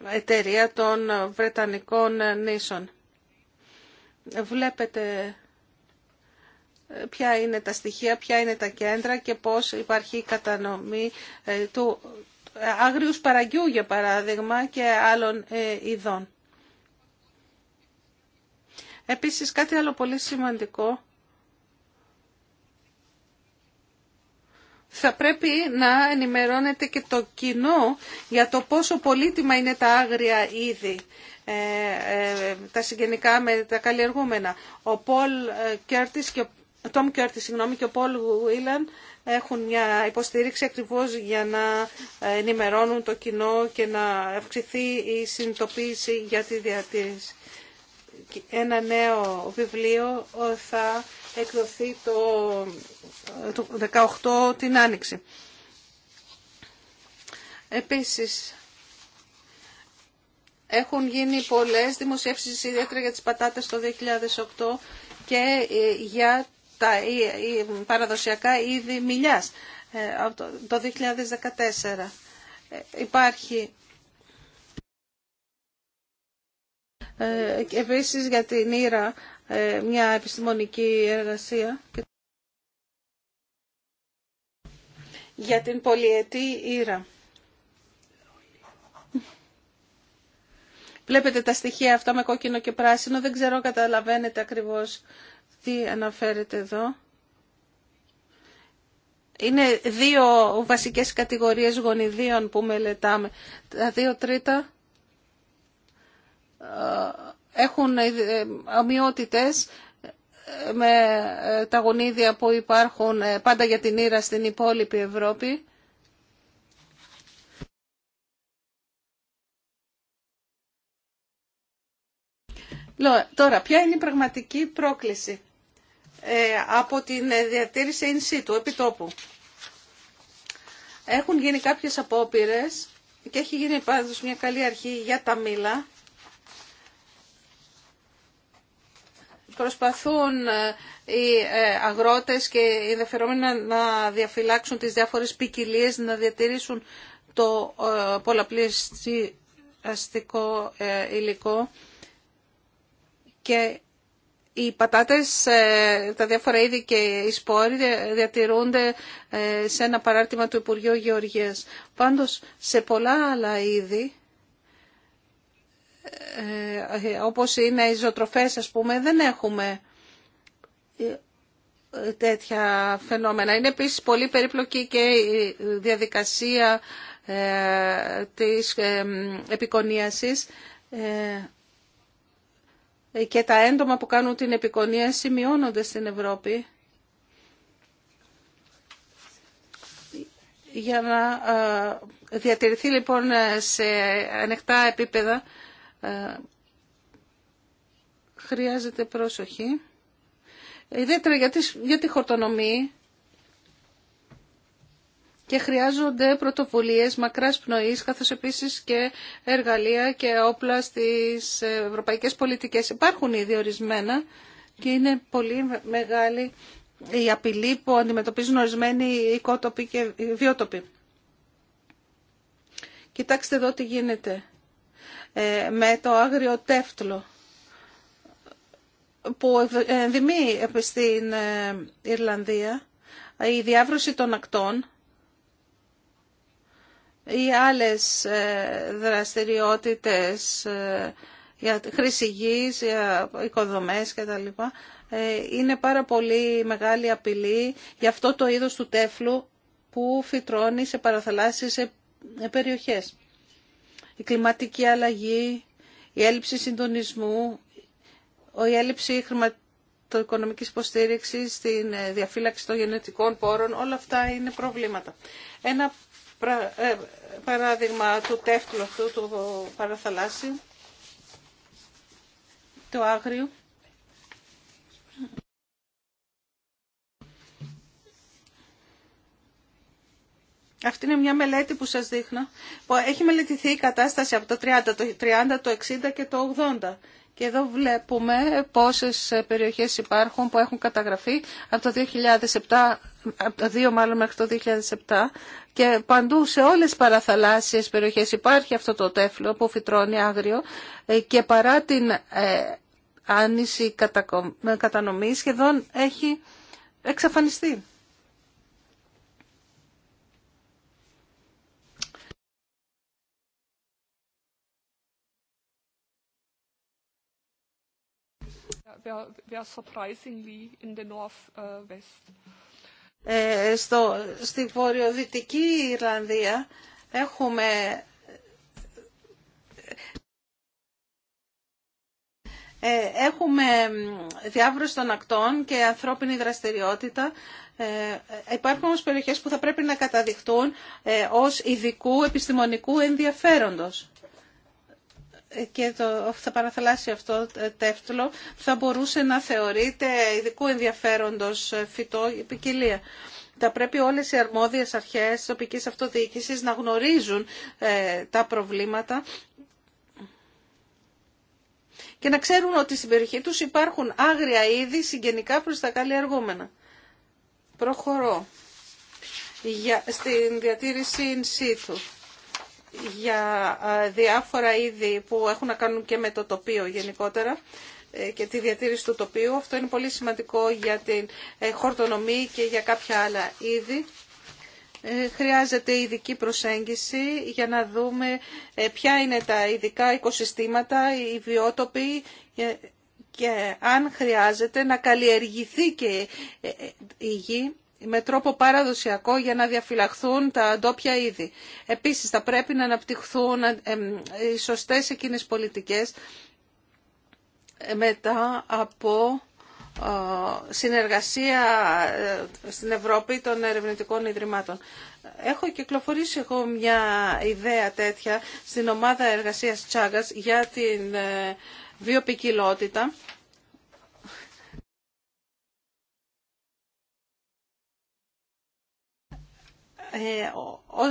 εταιρεία των Βρετανικών νήσων. Βλέπετε ε, ποια είναι τα στοιχεία, ποια είναι τα κέντρα και πώς υπάρχει η κατανομή ε, του ε, άγριους σπαραγγιού για παράδειγμα και άλλων ειδών. Επίσης κάτι άλλο πολύ σημαντικό θα πρέπει να ενημερώνεται και το κοινό για το πόσο πολύτιμα είναι τα άγρια είδη, ε, ε, τα συγγενικά με τα καλλιεργούμενα. Ο Πολ ε, Κέρτης και ο Τόμ Κέρτης, συγγνώμη, και ο Πολ Γουίλαν έχουν μια υποστήριξη ακριβώς για να ενημερώνουν το κοινό και να αυξηθεί η συνειδητοποίηση για τη διατήρηση. Ένα νέο βιβλίο θα εκδοθεί το 18 την Άνοιξη. Επίσης, έχουν γίνει πολλές δημοσίευσεις ιδιαίτερα για τις πατάτες το 2008 και ε, για τα ε, ε, παραδοσιακά είδη μιλιάς το 2014. Υπάρχει Ε, επίσης για την Ήρα ε, μια επιστημονική εργασία. Για την πολυετή Ήρα. Βλέπετε τα στοιχεία αυτά με κόκκινο και πράσινο. Δεν ξέρω καταλαβαίνετε ακριβώς τι αναφέρεται εδώ. Είναι δύο βασικές κατηγορίες γονιδίων που μελετάμε. Τα δύο τρίτα ε, έχουν ε, ομοιότητες ε, με τα γονίδια που υπάρχουν πάντα για την Ήρα στην υπόλοιπη Ευρώπη. Τώρα, ποια είναι η πραγματική πρόκληση από την διατήρηση in situ, επιτόπου. Έχουν γίνει κάποιες απόπειρες και έχει γίνει πάντως μια καλή αρχή για τα μήλα προσπαθούν ε, οι ε, αγρότες και οι ενδιαφερόμενοι να διαφυλάξουν τις διάφορες ποικιλίε, να διατηρήσουν το ε, αστικό υλικό και οι πατάτες, τα διάφορα είδη και οι σπόροι διατηρούνται σε ένα παράρτημα του Υπουργείου Γεωργίας. Πάντως, σε πολλά άλλα είδη ε, ε, όπως είναι οι ζωοτροφές ας πούμε, δεν έχουμε ε, τέτοια φαινόμενα. Είναι επίσης πολύ περίπλοκη και η διαδικασία της επικονίασης και τα έντομα που κάνουν την επικονίαση μειώνονται στην Ευρώπη. Για να διατηρηθεί λοιπόν σε ανοιχτά επίπεδα χρειάζεται πρόσοχη. Ιδιαίτερα για τη χορτονομή και χρειάζονται πρωτοβουλίες μακράς πνοής, καθώς επίσης και εργαλεία και όπλα στις ευρωπαϊκές πολιτικές. Υπάρχουν ήδη ορισμένα και είναι πολύ μεγάλη η απειλή που αντιμετωπίζουν ορισμένοι οικότοποι και βιότοποι. Κοιτάξτε εδώ τι γίνεται. Ε, με το άγριο τέφτλο που ε, ενδημεί ε, στην Ιρλανδία η διάβρωση των ακτών ή άλλες δραστηριότητες για χρήση γης, για οικοδομές κλπ. Είναι πάρα πολύ μεγάλη απειλή για αυτό το είδος του τέφλου που φυτρώνει σε παραθαλάσσιες περιοχές η κλιματική αλλαγή, η έλλειψη συντονισμού, η έλλειψη χρηματοοικονομικής υποστήριξη στην ε, διαφύλαξη των γενετικών πόρων, όλα αυτά είναι προβλήματα. Ένα ε, παράδειγμα του τεύτλου αυτού του παραθαλάσσιου, του άγριου, Αυτή είναι μια μελέτη που σας δείχνω. Που έχει μελετηθεί η κατάσταση από το 30, το 30, το 60 και το 80. Και εδώ βλέπουμε πόσες ε, περιοχές υπάρχουν που έχουν καταγραφεί από το 2007, από το 2 μάλλον μέχρι το 2007 και παντού σε όλες τις παραθαλάσσιες περιοχές υπάρχει αυτό το τέφλο που φυτρώνει άγριο ε, και παρά την ε, άνηση κατανομή σχεδόν έχει εξαφανιστεί. Στην surprisingly äh, ε, στο, στη βορειοδυτική Ιρλανδία έχουμε ε, έχουμε διάβρωση των ακτών και ανθρώπινη δραστηριότητα. Ε, υπάρχουν όμως περιοχές που θα πρέπει να καταδειχτούν ε, ως ειδικού επιστημονικού ενδιαφέροντος και το παραθέλαση αυτό ε, τέύτλο θα μπορούσε να θεωρείται ειδικού ενδιαφέροντος ε, φυτό η ποικιλία. Θα πρέπει όλες οι αρμόδιες αρχές της τοπικής αυτοδιοίκησης να γνωρίζουν ε, τα προβλήματα και να ξέρουν ότι στην περιοχή τους υπάρχουν άγρια είδη συγγενικά προς τα καλλιεργούμενα. Προχωρώ για, στην διατήρηση in situ για διάφορα είδη που έχουν να κάνουν και με το τοπίο γενικότερα ε, και τη διατήρηση του τοπίου. Αυτό είναι πολύ σημαντικό για την ε, χορτονομή και για κάποια άλλα είδη. Ε, χρειάζεται ειδική προσέγγιση για να δούμε ποια είναι τα ειδικά οικοσυστήματα, οι βιότοποι και αν χρειάζεται να καλλιεργηθεί και η γη με τρόπο παραδοσιακό για να διαφυλαχθούν τα ντόπια είδη. Επίσης θα πρέπει να αναπτυχθούν ε, ε, οι σωστές εκείνες πολιτικές μετά από ε, συνεργασία στην Ευρώπη των ερευνητικών ιδρυμάτων. Έχω κυκλοφορήσει εγώ μια ιδέα τέτοια στην ομάδα εργασίας Τσάγκας για την βιοπικιλότητα Ε,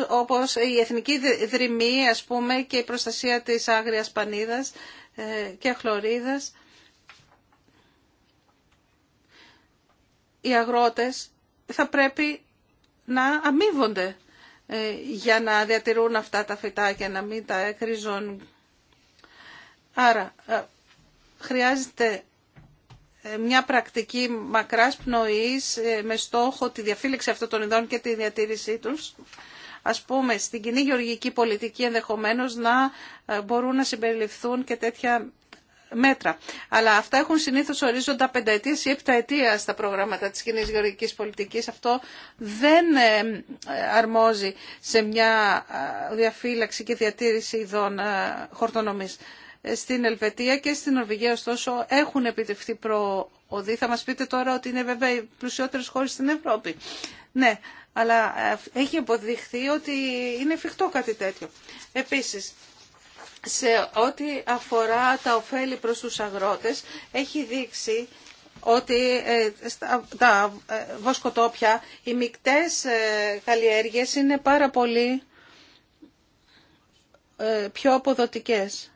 όπως η εθνική δρυμή ας και η προστασία της άγριας πανίδας ε, και χλωρίδας. Οι αγρότες θα πρέπει να αμείβονται ε, για να διατηρούν αυτά τα φυτά και να μην τα εκριζώνουν. Άρα χρειάζεται ε, μια πρακτική μακράς πνοής ε, με στόχο τη διαφύλαξη αυτών των ειδών και τη διατήρησή τους. Ας πούμε, στην κοινή γεωργική πολιτική ενδεχομένως να ε, μπορούν να συμπεριληφθούν και τέτοια μέτρα. Αλλά αυτά έχουν συνήθως ορίζοντα πενταετίας ή επταετία στα προγράμματα της κοινή γεωργικής πολιτικής. Αυτό δεν αρμόζει σε μια διαφύλαξη και διατήρηση ειδών χορτονομής. Στην Ελβετία και στην Νορβηγία, ωστόσο, έχουν επιτευχθεί προοδοί. Θα μας πείτε τώρα ότι είναι βέβαια οι πλουσιότερες χώρες στην Ευρώπη. Ναι, αλλά ε, έχει αποδειχθεί ότι είναι εφικτό κάτι τέτοιο. Επίσης, σε ό,τι αφορά τα ωφέλη προς τους αγρότες, έχει δείξει ότι ε, τα ε, βοσκοτόπια, οι μικτές καλλιέργειες είναι πάρα πολύ πιο αποδοτικές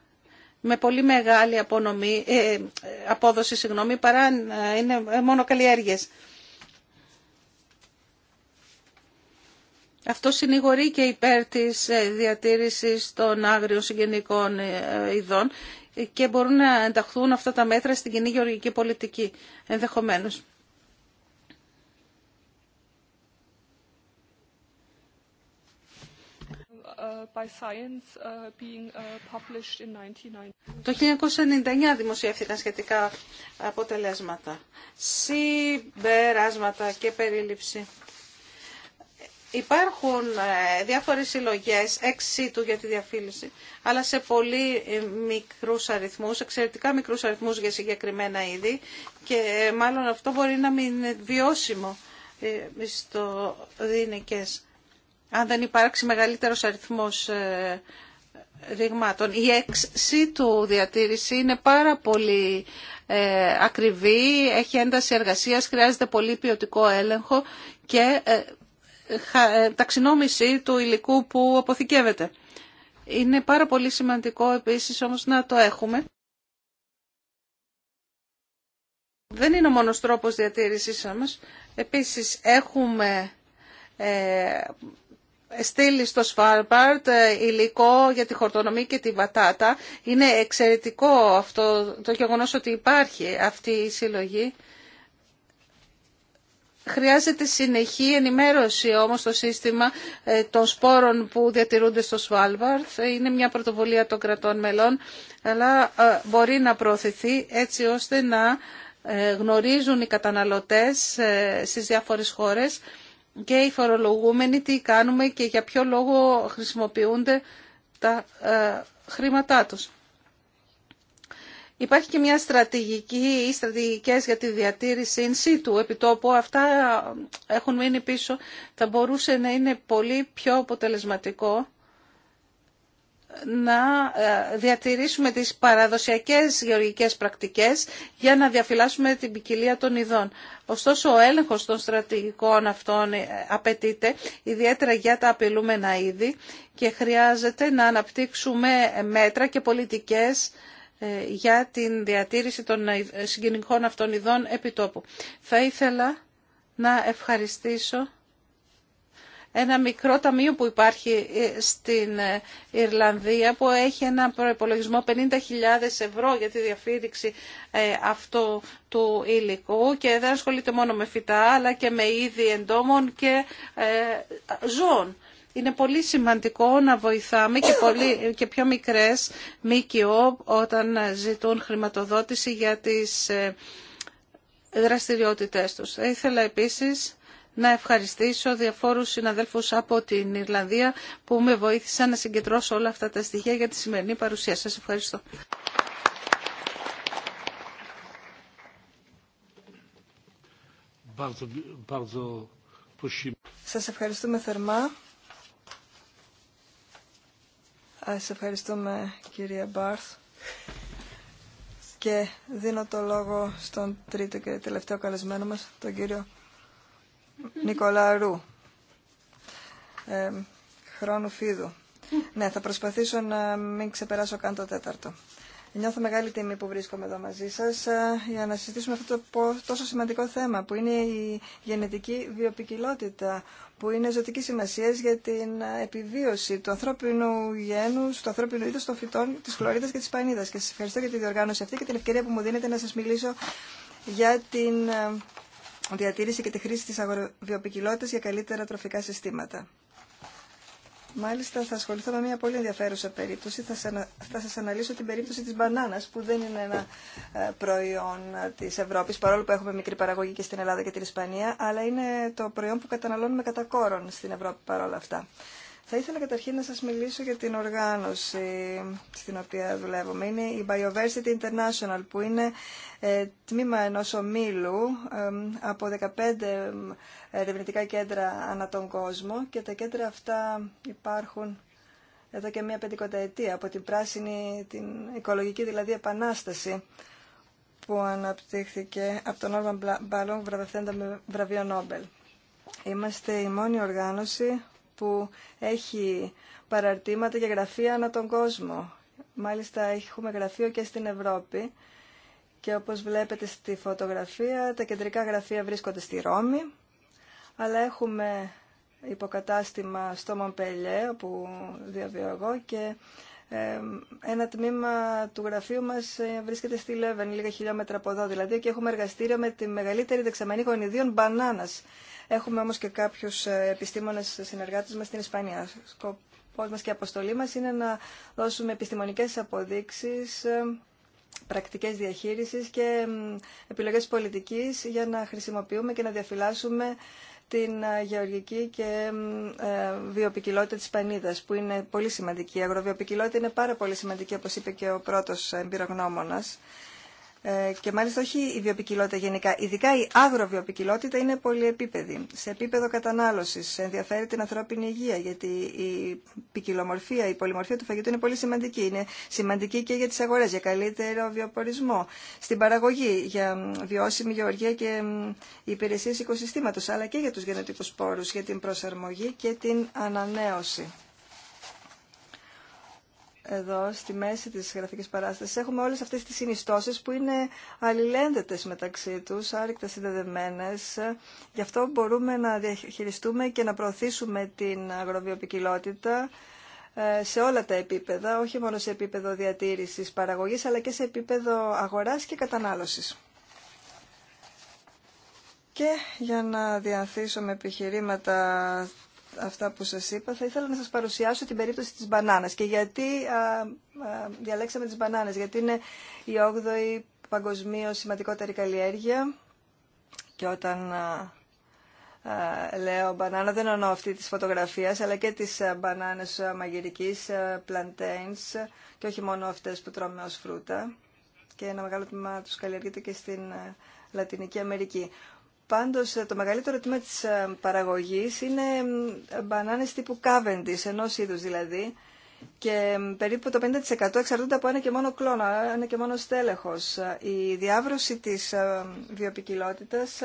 με πολύ μεγάλη ε, απόδοση συγγνώμη, παρά να είναι μόνο καλλιέργειες. Αυτό συνηγορεί και υπέρ της ε, διατήρησης των άγριων συγγενικών ε, ειδών και μπορούν να ενταχθούν αυτά τα μέτρα στην κοινή γεωργική πολιτική ενδεχομένως. Uh, uh, uh, Το 1999 δημοσιεύθηκαν σχετικά αποτελέσματα. Συμπεράσματα και περίληψη. Υπάρχουν ε, διάφορες συλλογές, έξι του για τη διαφύλιση, αλλά σε πολύ ε, μικρούς αριθμούς, εξαιρετικά μικρούς αριθμούς για συγκεκριμένα είδη και ε, μάλλον αυτό μπορεί να μην είναι βιώσιμο στο δίνικες αν δεν υπάρξει μεγαλύτερος αριθμός ε, ρηγμάτων. Η έξι του διατήρηση είναι πάρα πολύ ε, ακριβή, έχει ένταση εργασίας, χρειάζεται πολύ ποιοτικό έλεγχο και ε, ταξινόμηση του υλικού που αποθηκεύεται. Είναι πάρα πολύ σημαντικό επίσης όμως να το έχουμε. Δεν είναι ο μόνος τρόπος διατήρησής μας. Επίσης έχουμε στείλει στο Σφάρμπαρτ ε, υλικό για τη χορτονομή και τη βατάτα. Είναι εξαιρετικό αυτό το γεγονός ότι υπάρχει αυτή η συλλογή. Χρειάζεται συνεχή ενημέρωση όμως το σύστημα ε, των σπόρων που διατηρούνται στο Σφάλμπαρτ. Είναι μια πρωτοβουλία των κρατών μελών, αλλά ε, μπορεί να προωθηθεί έτσι ώστε να γνωρίζουν οι καταναλωτές στις διάφορες χώρες και οι φορολογούμενοι τι κάνουμε και για ποιο λόγο χρησιμοποιούνται τα ε, χρήματά τους. Υπάρχει και μια στρατηγική ή στρατηγικές για τη διατήρηση in situ επιτόπου. Αυτά έχουν μείνει πίσω. Θα μπορούσε να είναι πολύ πιο αποτελεσματικό να ε, διατηρήσουμε τις παραδοσιακές γεωργικές πρακτικές για να διαφυλάσσουμε την ποικιλία των ειδών. Ωστόσο, ο έλεγχος των στρατηγικών αυτών ε, απαιτείται, ιδιαίτερα για τα απειλούμενα είδη και χρειάζεται να αναπτύξουμε μέτρα και πολιτικές ε, για την διατήρηση των συγκινικών αυτών ειδών επιτόπου. Θα ήθελα να ευχαριστήσω ένα μικρό ταμείο που υπάρχει ε, στην ε, Ιρλανδία που έχει ένα προπολογισμό 50.000 ευρώ για τη διαφύριξη ε, αυτού του υλικού και δεν ασχολείται μόνο με φυτά αλλά και με είδη εντόμων και ζώων. Είναι πολύ σημαντικό να βοηθάμε και, και πιο μικρές ΜΚΟ όταν ζητούν χρηματοδότηση για τις δραστηριότητές τους. ήθελα επίσης να ευχαριστήσω διαφόρους συναδέλφους από την Ιρλανδία που με βοήθησαν να συγκεντρώσω όλα αυτά τα στοιχεία για τη σημερινή παρουσία. Σας ευχαριστώ. Σας ευχαριστούμε θερμά. Σας ευχαριστούμε κυρία Μπάρθ. Και δίνω το λόγο στον τρίτο και τελευταίο καλεσμένο μας, τον κύριο Νικολάρου. Ε, χρόνου φίδου. Ναι, θα προσπαθήσω να μην ξεπεράσω καν το τέταρτο. Νιώθω μεγάλη τιμή που βρίσκομαι εδώ μαζί σας ε, για να συζητήσουμε αυτό το τόσο σημαντικό θέμα που είναι η γενετική βιοπικιλότητα που είναι ζωτική σημασία για την ε, επιβίωση του ανθρώπινου γένους, του ανθρώπινου είδου των φυτών, της Χλωρίδα και τη Πανίδα. Και σα ευχαριστώ για τη διοργάνωση αυτή και την ευκαιρία που μου δίνετε να σα μιλήσω για την ε, διατήρηση και τη χρήση της αγροβιοπικιλότητας για καλύτερα τροφικά συστήματα. Μάλιστα θα ασχοληθώ με μια πολύ ενδιαφέρουσα περίπτωση. Θα, θα σας αναλύσω την περίπτωση της μπανάνας που δεν είναι ένα ε, προϊόν ε, της Ευρώπης παρόλο που έχουμε μικρή παραγωγή και στην Ελλάδα και την Ισπανία αλλά είναι το προϊόν που καταναλώνουμε κατά κόρον στην Ευρώπη παρόλα αυτά. Θα ήθελα καταρχήν να σας μιλήσω για την οργάνωση στην οποία δουλεύουμε. Είναι η Bioversity International που είναι ε, τμήμα ενός ομίλου από 15 ερευνητικά κέντρα ανά τον κόσμο και τα κέντρα αυτά υπάρχουν εδώ και μία πεντηκονταετία από την πράσινη, την οικολογική δηλαδή επανάσταση που αναπτύχθηκε από τον Όρμαν Μπαλόν βραβευθέντα με βραβείο Νόμπελ. Είμαστε η μόνη οργάνωση που έχει παραρτήματα και γραφεία ανά τον κόσμο. Μάλιστα έχουμε γραφείο και στην Ευρώπη και όπως βλέπετε στη φωτογραφία τα κεντρικά γραφεία βρίσκονται στη Ρώμη αλλά έχουμε υποκατάστημα στο Μομπελιέ όπου διαβιώ εγώ και ένα τμήμα του γραφείου μας ε, βρίσκεται στη Λέβεν, λίγα χιλιόμετρα από εδώ δηλαδή και έχουμε εργαστήριο με τη μεγαλύτερη δεξαμενή γονιδίων μπανάνας Έχουμε όμως και κάποιους ε, επιστήμονες συνεργάτες μας στην Ισπανία. Σκοπός μας και η αποστολή μας είναι να δώσουμε επιστημονικές αποδείξεις ε, πρακτικές διαχείρισης και επιλογές πολιτικής για να χρησιμοποιούμε και να διαφυλάσσουμε την ε, γεωργική και βιοπικιλότητα της Πανίδας, που είναι πολύ σημαντική. Η αγροβιοπικιλότητα είναι πάρα πολύ σημαντική, όπως είπε και ο πρώτος εμπειρογνώμονας. Ε, και μάλιστα όχι η βιοπικιλότητα γενικά, ειδικά η αγροβιοπικιλότητα είναι πολυεπίπεδη. Σε επίπεδο κατανάλωσης ενδιαφέρει την ανθρώπινη υγεία, γιατί η ποικιλομορφία, η πολυμορφία του φαγητού είναι πολύ σημαντική. Είναι σημαντική και για τι αγορέ, για καλύτερο βιοπορισμό, στην παραγωγή, για βιώσιμη γεωργία και υπηρεσίε οικοσυστήματος, αλλά και για του γενετικού πόρου, για την προσαρμογή και την ανανέωση εδώ στη μέση της γραφικής παράστασης έχουμε όλες αυτές τις συνιστώσεις που είναι αλληλένδετες μεταξύ τους, άρρηκτα συνδεδεμένες. Γι' αυτό μπορούμε να διαχειριστούμε και να προωθήσουμε την αγροβιοπικιλότητα ε, σε όλα τα επίπεδα, όχι μόνο σε επίπεδο διατήρησης παραγωγής, αλλά και σε επίπεδο αγοράς και κατανάλωσης. Και για να διαθήσουμε επιχειρήματα αυτά που σας είπα, θα ήθελα να σας παρουσιάσω την περίπτωση της μπανάνας και γιατί διαλέξαμε τις μπανάνες, γιατί είναι η 8η παγκοσμίω σημαντικότερη καλλιέργεια και όταν α, λέω μπανάνα δεν εννοώ αυτή της φωτογραφίας αλλά και τις μπανάνες μαγειρικής, plantains και όχι μόνο αυτές που τρώμε ως φρούτα και ένα μεγάλο τμήμα τους καλλιεργείται και στην Λατινική Αμερική. Πάντως ε, το μεγαλύτερο τμήμα της ε, παραγωγής είναι μπανάνες τύπου Cavendish, ενός είδους δηλαδή, και περίπου το 50% εξαρτούνται από ένα και μόνο κλόνο, ένα και μόνο στέλεχος. Ε, η διάβρωση της βιοπικιλότητας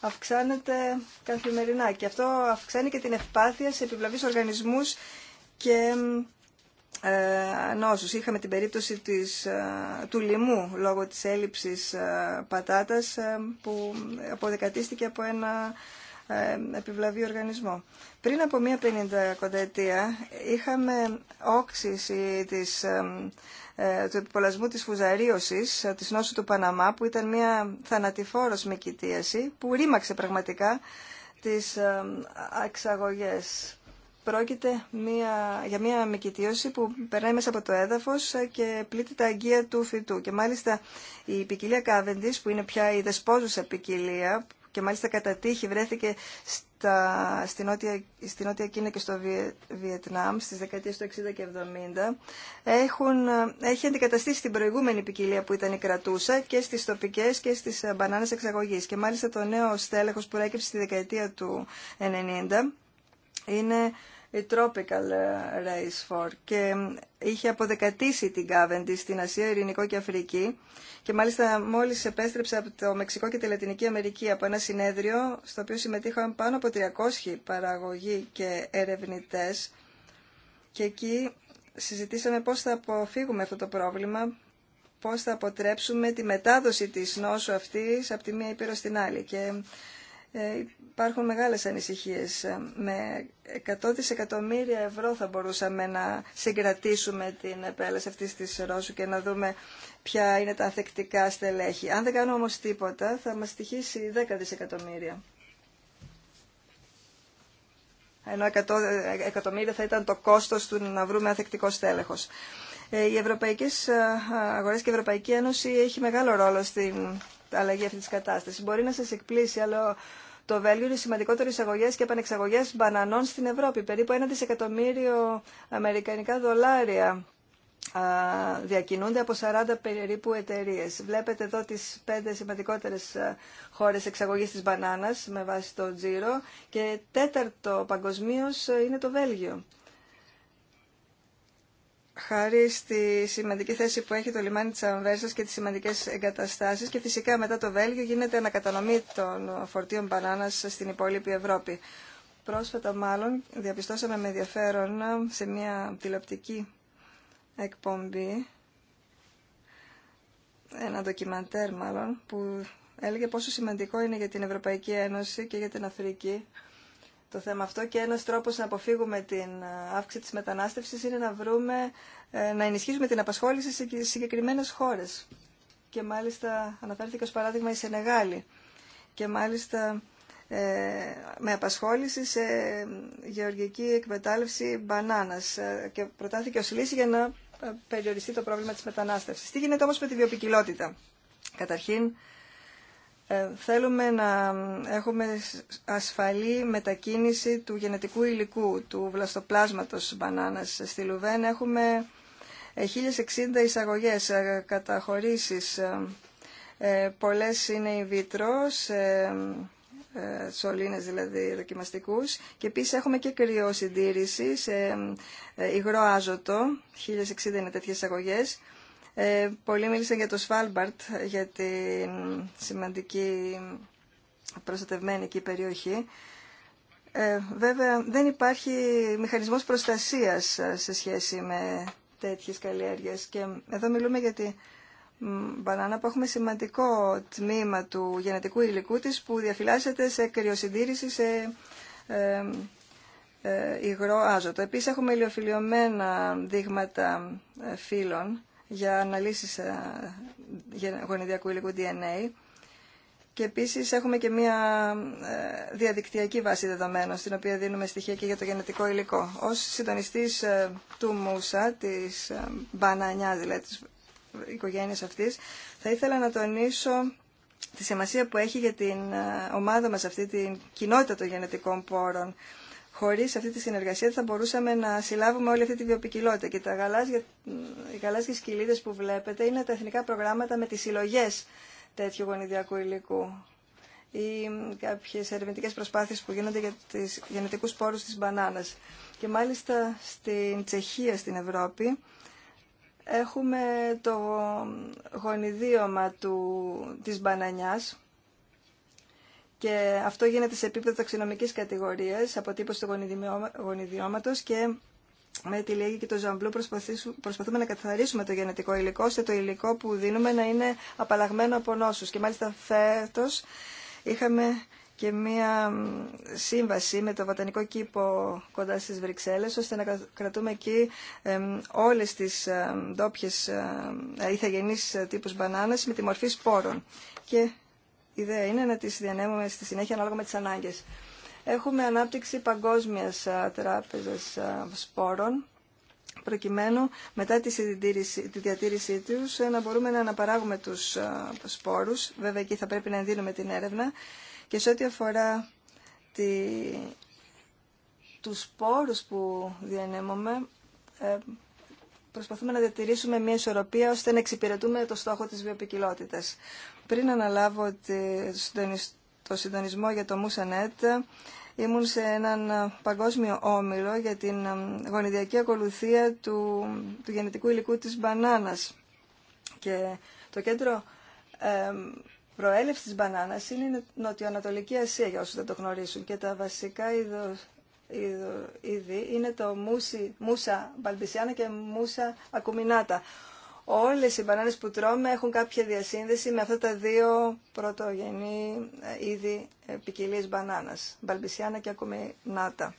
αυξάνεται καθημερινά και αυτό αυξάνει και την ευπάθεια σε επιβλαβείς οργανισμούς και ε, νόσους. Είχαμε την περίπτωση της, ε, του λοιμού λόγω της έλλειψης ε, πατάτας που αποδεκατίστηκε από ένα επιβλαβή οργανισμό. Πριν από μία 50 κονταετία είχαμε όξυση της, του επιπολασμού της φουζαρίωσης της νόσου του Παναμά που ήταν μία θανατηφόρος με που ρήμαξε πραγματικά τις εξαγωγές πρόκειται μια, για μια μικητίωση που περνάει μέσα από το έδαφος και πλήττει τα αγκία του φυτού. Και μάλιστα η ποικιλία Κάβεντις, που είναι πια η δεσπόζουσα ποικιλία, και μάλιστα κατά τύχη βρέθηκε στα, στη, νότια, Κίνα και στο Βιετνάμ στις δεκαετίες του 60 και 70 έχουν, έχει αντικαταστήσει την προηγούμενη ποικιλία που ήταν η κρατούσα και στις τοπικές και στις μπανάνες εξαγωγής και μάλιστα το νέο στέλεχος που ρέκεψε στη δεκαετία του 90 είναι η Tropical Race For και είχε αποδεκατήσει την Κάβεντι στην Ασία, Ειρηνικό και Αφρική και μάλιστα μόλις επέστρεψα από το Μεξικό και τη Λατινική Αμερική από ένα συνέδριο στο οποίο συμμετείχαν πάνω από 300 παραγωγοί και ερευνητές και εκεί συζητήσαμε πώς θα αποφύγουμε αυτό το πρόβλημα πώς θα αποτρέψουμε τη μετάδοση της νόσου αυτής από τη μία ήπειρο στην άλλη. Ε, υπάρχουν μεγάλες ανησυχίες. Ε, με 100 δισεκατομμύρια ευρώ θα μπορούσαμε να συγκρατήσουμε την επέλαση αυτής της Ρώσου και να δούμε ποια είναι τα ανθεκτικά στελέχη. Αν δεν κάνουμε όμως τίποτα θα μας στοιχήσει 10 δισεκατομμύρια. Ενώ εκατομμύρια θα ήταν το κόστος του να βρούμε ανθεκτικό στέλεχος. Ε, οι ευρωπαϊκές αγορές και η Ευρωπαϊκή Ένωση έχει μεγάλο ρόλο στην αλλαγή αυτή τη κατάσταση. Μπορεί να σα εκπλήσει, αλλά το Βέλγιο είναι σημαντικότερο εισαγωγέ και επανεξαγωγέ μπανανών στην Ευρώπη. Περίπου ένα δισεκατομμύριο αμερικανικά δολάρια διακινούνται από 40 περίπου εταιρείε. Βλέπετε εδώ τι πέντε σημαντικότερε χώρε εξαγωγή τη μπανάνα με βάση το τζίρο και τέταρτο παγκοσμίω είναι το Βέλγιο χάρη στη σημαντική θέση που έχει το λιμάνι της Αμβέρσας και τις σημαντικές εγκαταστάσεις και φυσικά μετά το Βέλγιο γίνεται ανακατανομή των φορτίων μπανάνας στην υπόλοιπη Ευρώπη. Πρόσφατα μάλλον διαπιστώσαμε με ενδιαφέρον σε μια τηλεοπτική εκπομπή ένα ντοκιμαντέρ μάλλον που έλεγε πόσο σημαντικό είναι για την Ευρωπαϊκή Ένωση και για την Αφρική το θέμα αυτό και ένας τρόπος να αποφύγουμε την ε, αύξηση της μετανάστευσης είναι να βρούμε, ε, να ενισχύσουμε την απασχόληση σε συγκεκριμένες χώρες. Και μάλιστα αναφέρθηκε ως παράδειγμα η Σενεγάλη. Και μάλιστα ε, με απασχόληση σε γεωργική εκμετάλλευση μπανάνας και προτάθηκε ως λύση για να περιοριστεί το πρόβλημα της μετανάστευσης. Τι γίνεται όμως με τη βιοπικιλότητα. Καταρχήν, ε, θέλουμε να έχουμε ασφαλή μετακίνηση του γενετικού υλικού, του βλαστοπλάσματος μπανάνας. Στη Λουβέν έχουμε 1060 ε, εισαγωγές, ε, καταχωρήσεις. Πολλές είναι in vitro, σωλήνες δηλαδή δοκιμαστικούς και επίσης έχουμε και κρυοσυντήρηση σε υγρό άζωτο, 1060 είναι τέτοιες εισαγωγές ε, πολλοί μίλησαν για το Σφάλμπαρτ, για την σημαντική προστατευμένη εκεί περιοχή. Ε, βέβαια δεν υπάρχει μηχανισμός προστασίας ε, σε σχέση με τέτοιες καλλιέργειες και εδώ μιλούμε για τη μπανάνα που έχουμε σημαντικό τμήμα του γενετικού υλικού της που διαφυλάσσεται σε κρυοσυντήρηση σε ε, ε, υγρό άζωτο. Επίσης έχουμε ηλιοφιλειωμένα δείγματα ε, φύλων για αναλύσεις ε, γονιδιακού υλικού DNA. Και επίσης έχουμε και μια ε, διαδικτυακή βάση δεδομένων, στην οποία δίνουμε στοιχεία και για το γενετικό υλικό. Ως συντονιστής ε, του Μούσα, της Μπανανιά, δηλαδή της οικογένειας αυτής, θα ήθελα να τονίσω τη σημασία που έχει για την ομάδα μας αυτή, την κοινότητα των γενετικών πόρων, Χωρίς αυτή τη συνεργασία θα μπορούσαμε να συλλάβουμε όλη αυτή τη βιοπικιλότητα. Και τα γαλάζια, οι γαλάζιες που βλέπετε είναι τα εθνικά προγράμματα με τις συλλογέ τέτοιου γονιδιακού υλικού ή κάποιες ερευνητικέ προσπάθειες που γίνονται για τις γενετικούς πόρους της μπανάνας. Και μάλιστα στην Τσεχία, στην Ευρώπη, έχουμε το γονιδίωμα του, της μπανανιάς, και αυτό γίνεται σε επίπεδο ταξινομικής κατηγορίας, αποτύπωση του γονιδιώματος και με τη λέγη και το ζαμπλού προσπαθούμε να καθαρίσουμε το γενετικό υλικό, ώστε το υλικό που δίνουμε να είναι απαλλαγμένο από νόσους. Και μάλιστα φέτος είχαμε και μία σύμβαση με το Βοτανικό Κήπο κοντά στις Βρυξέλλες, ώστε να κρατούμε εκεί όλες τις ντόπιες ηθαγενείς ε, τύπους μπανάνας με τη μορφή σπόρων. Και ιδέα είναι να τις διανέμουμε στη συνέχεια ανάλογα με τις ανάγκες. Έχουμε ανάπτυξη παγκόσμιας τράπεζας σπόρων προκειμένου μετά τη, διατήρησή τους ε, να μπορούμε να αναπαράγουμε τους σπόρους. Βέβαια εκεί θα πρέπει να ενδύνουμε την έρευνα και σε ό,τι αφορά τη, τους σπόρους που διανέμουμε ε, προσπαθούμε να διατηρήσουμε μια ισορροπία ώστε να εξυπηρετούμε το στόχο της βιοπικιλότητας. Πριν αναλάβω το συντονισμό για το Μουσανέτ, ήμουν σε έναν ε, παγκόσμιο όμιλο για την ε, γονιδιακή ακολουθία του, του γενετικού υλικού της μπανάνας. Και το κέντρο ε, προέλευση της μπανάνας είναι η Νοτιοανατολική Ασία, για όσους δεν το γνωρίσουν. Και τα βασικά είδη είναι το μούσα μπαλμπισιάνα και μούσα ακουμινάτα όλες οι μπανάνες που τρώμε έχουν κάποια διασύνδεση με αυτά τα δύο πρωτογενή ε, είδη ε, ποικιλία μπανάνας, μπαλμπισιάνα και νάτα.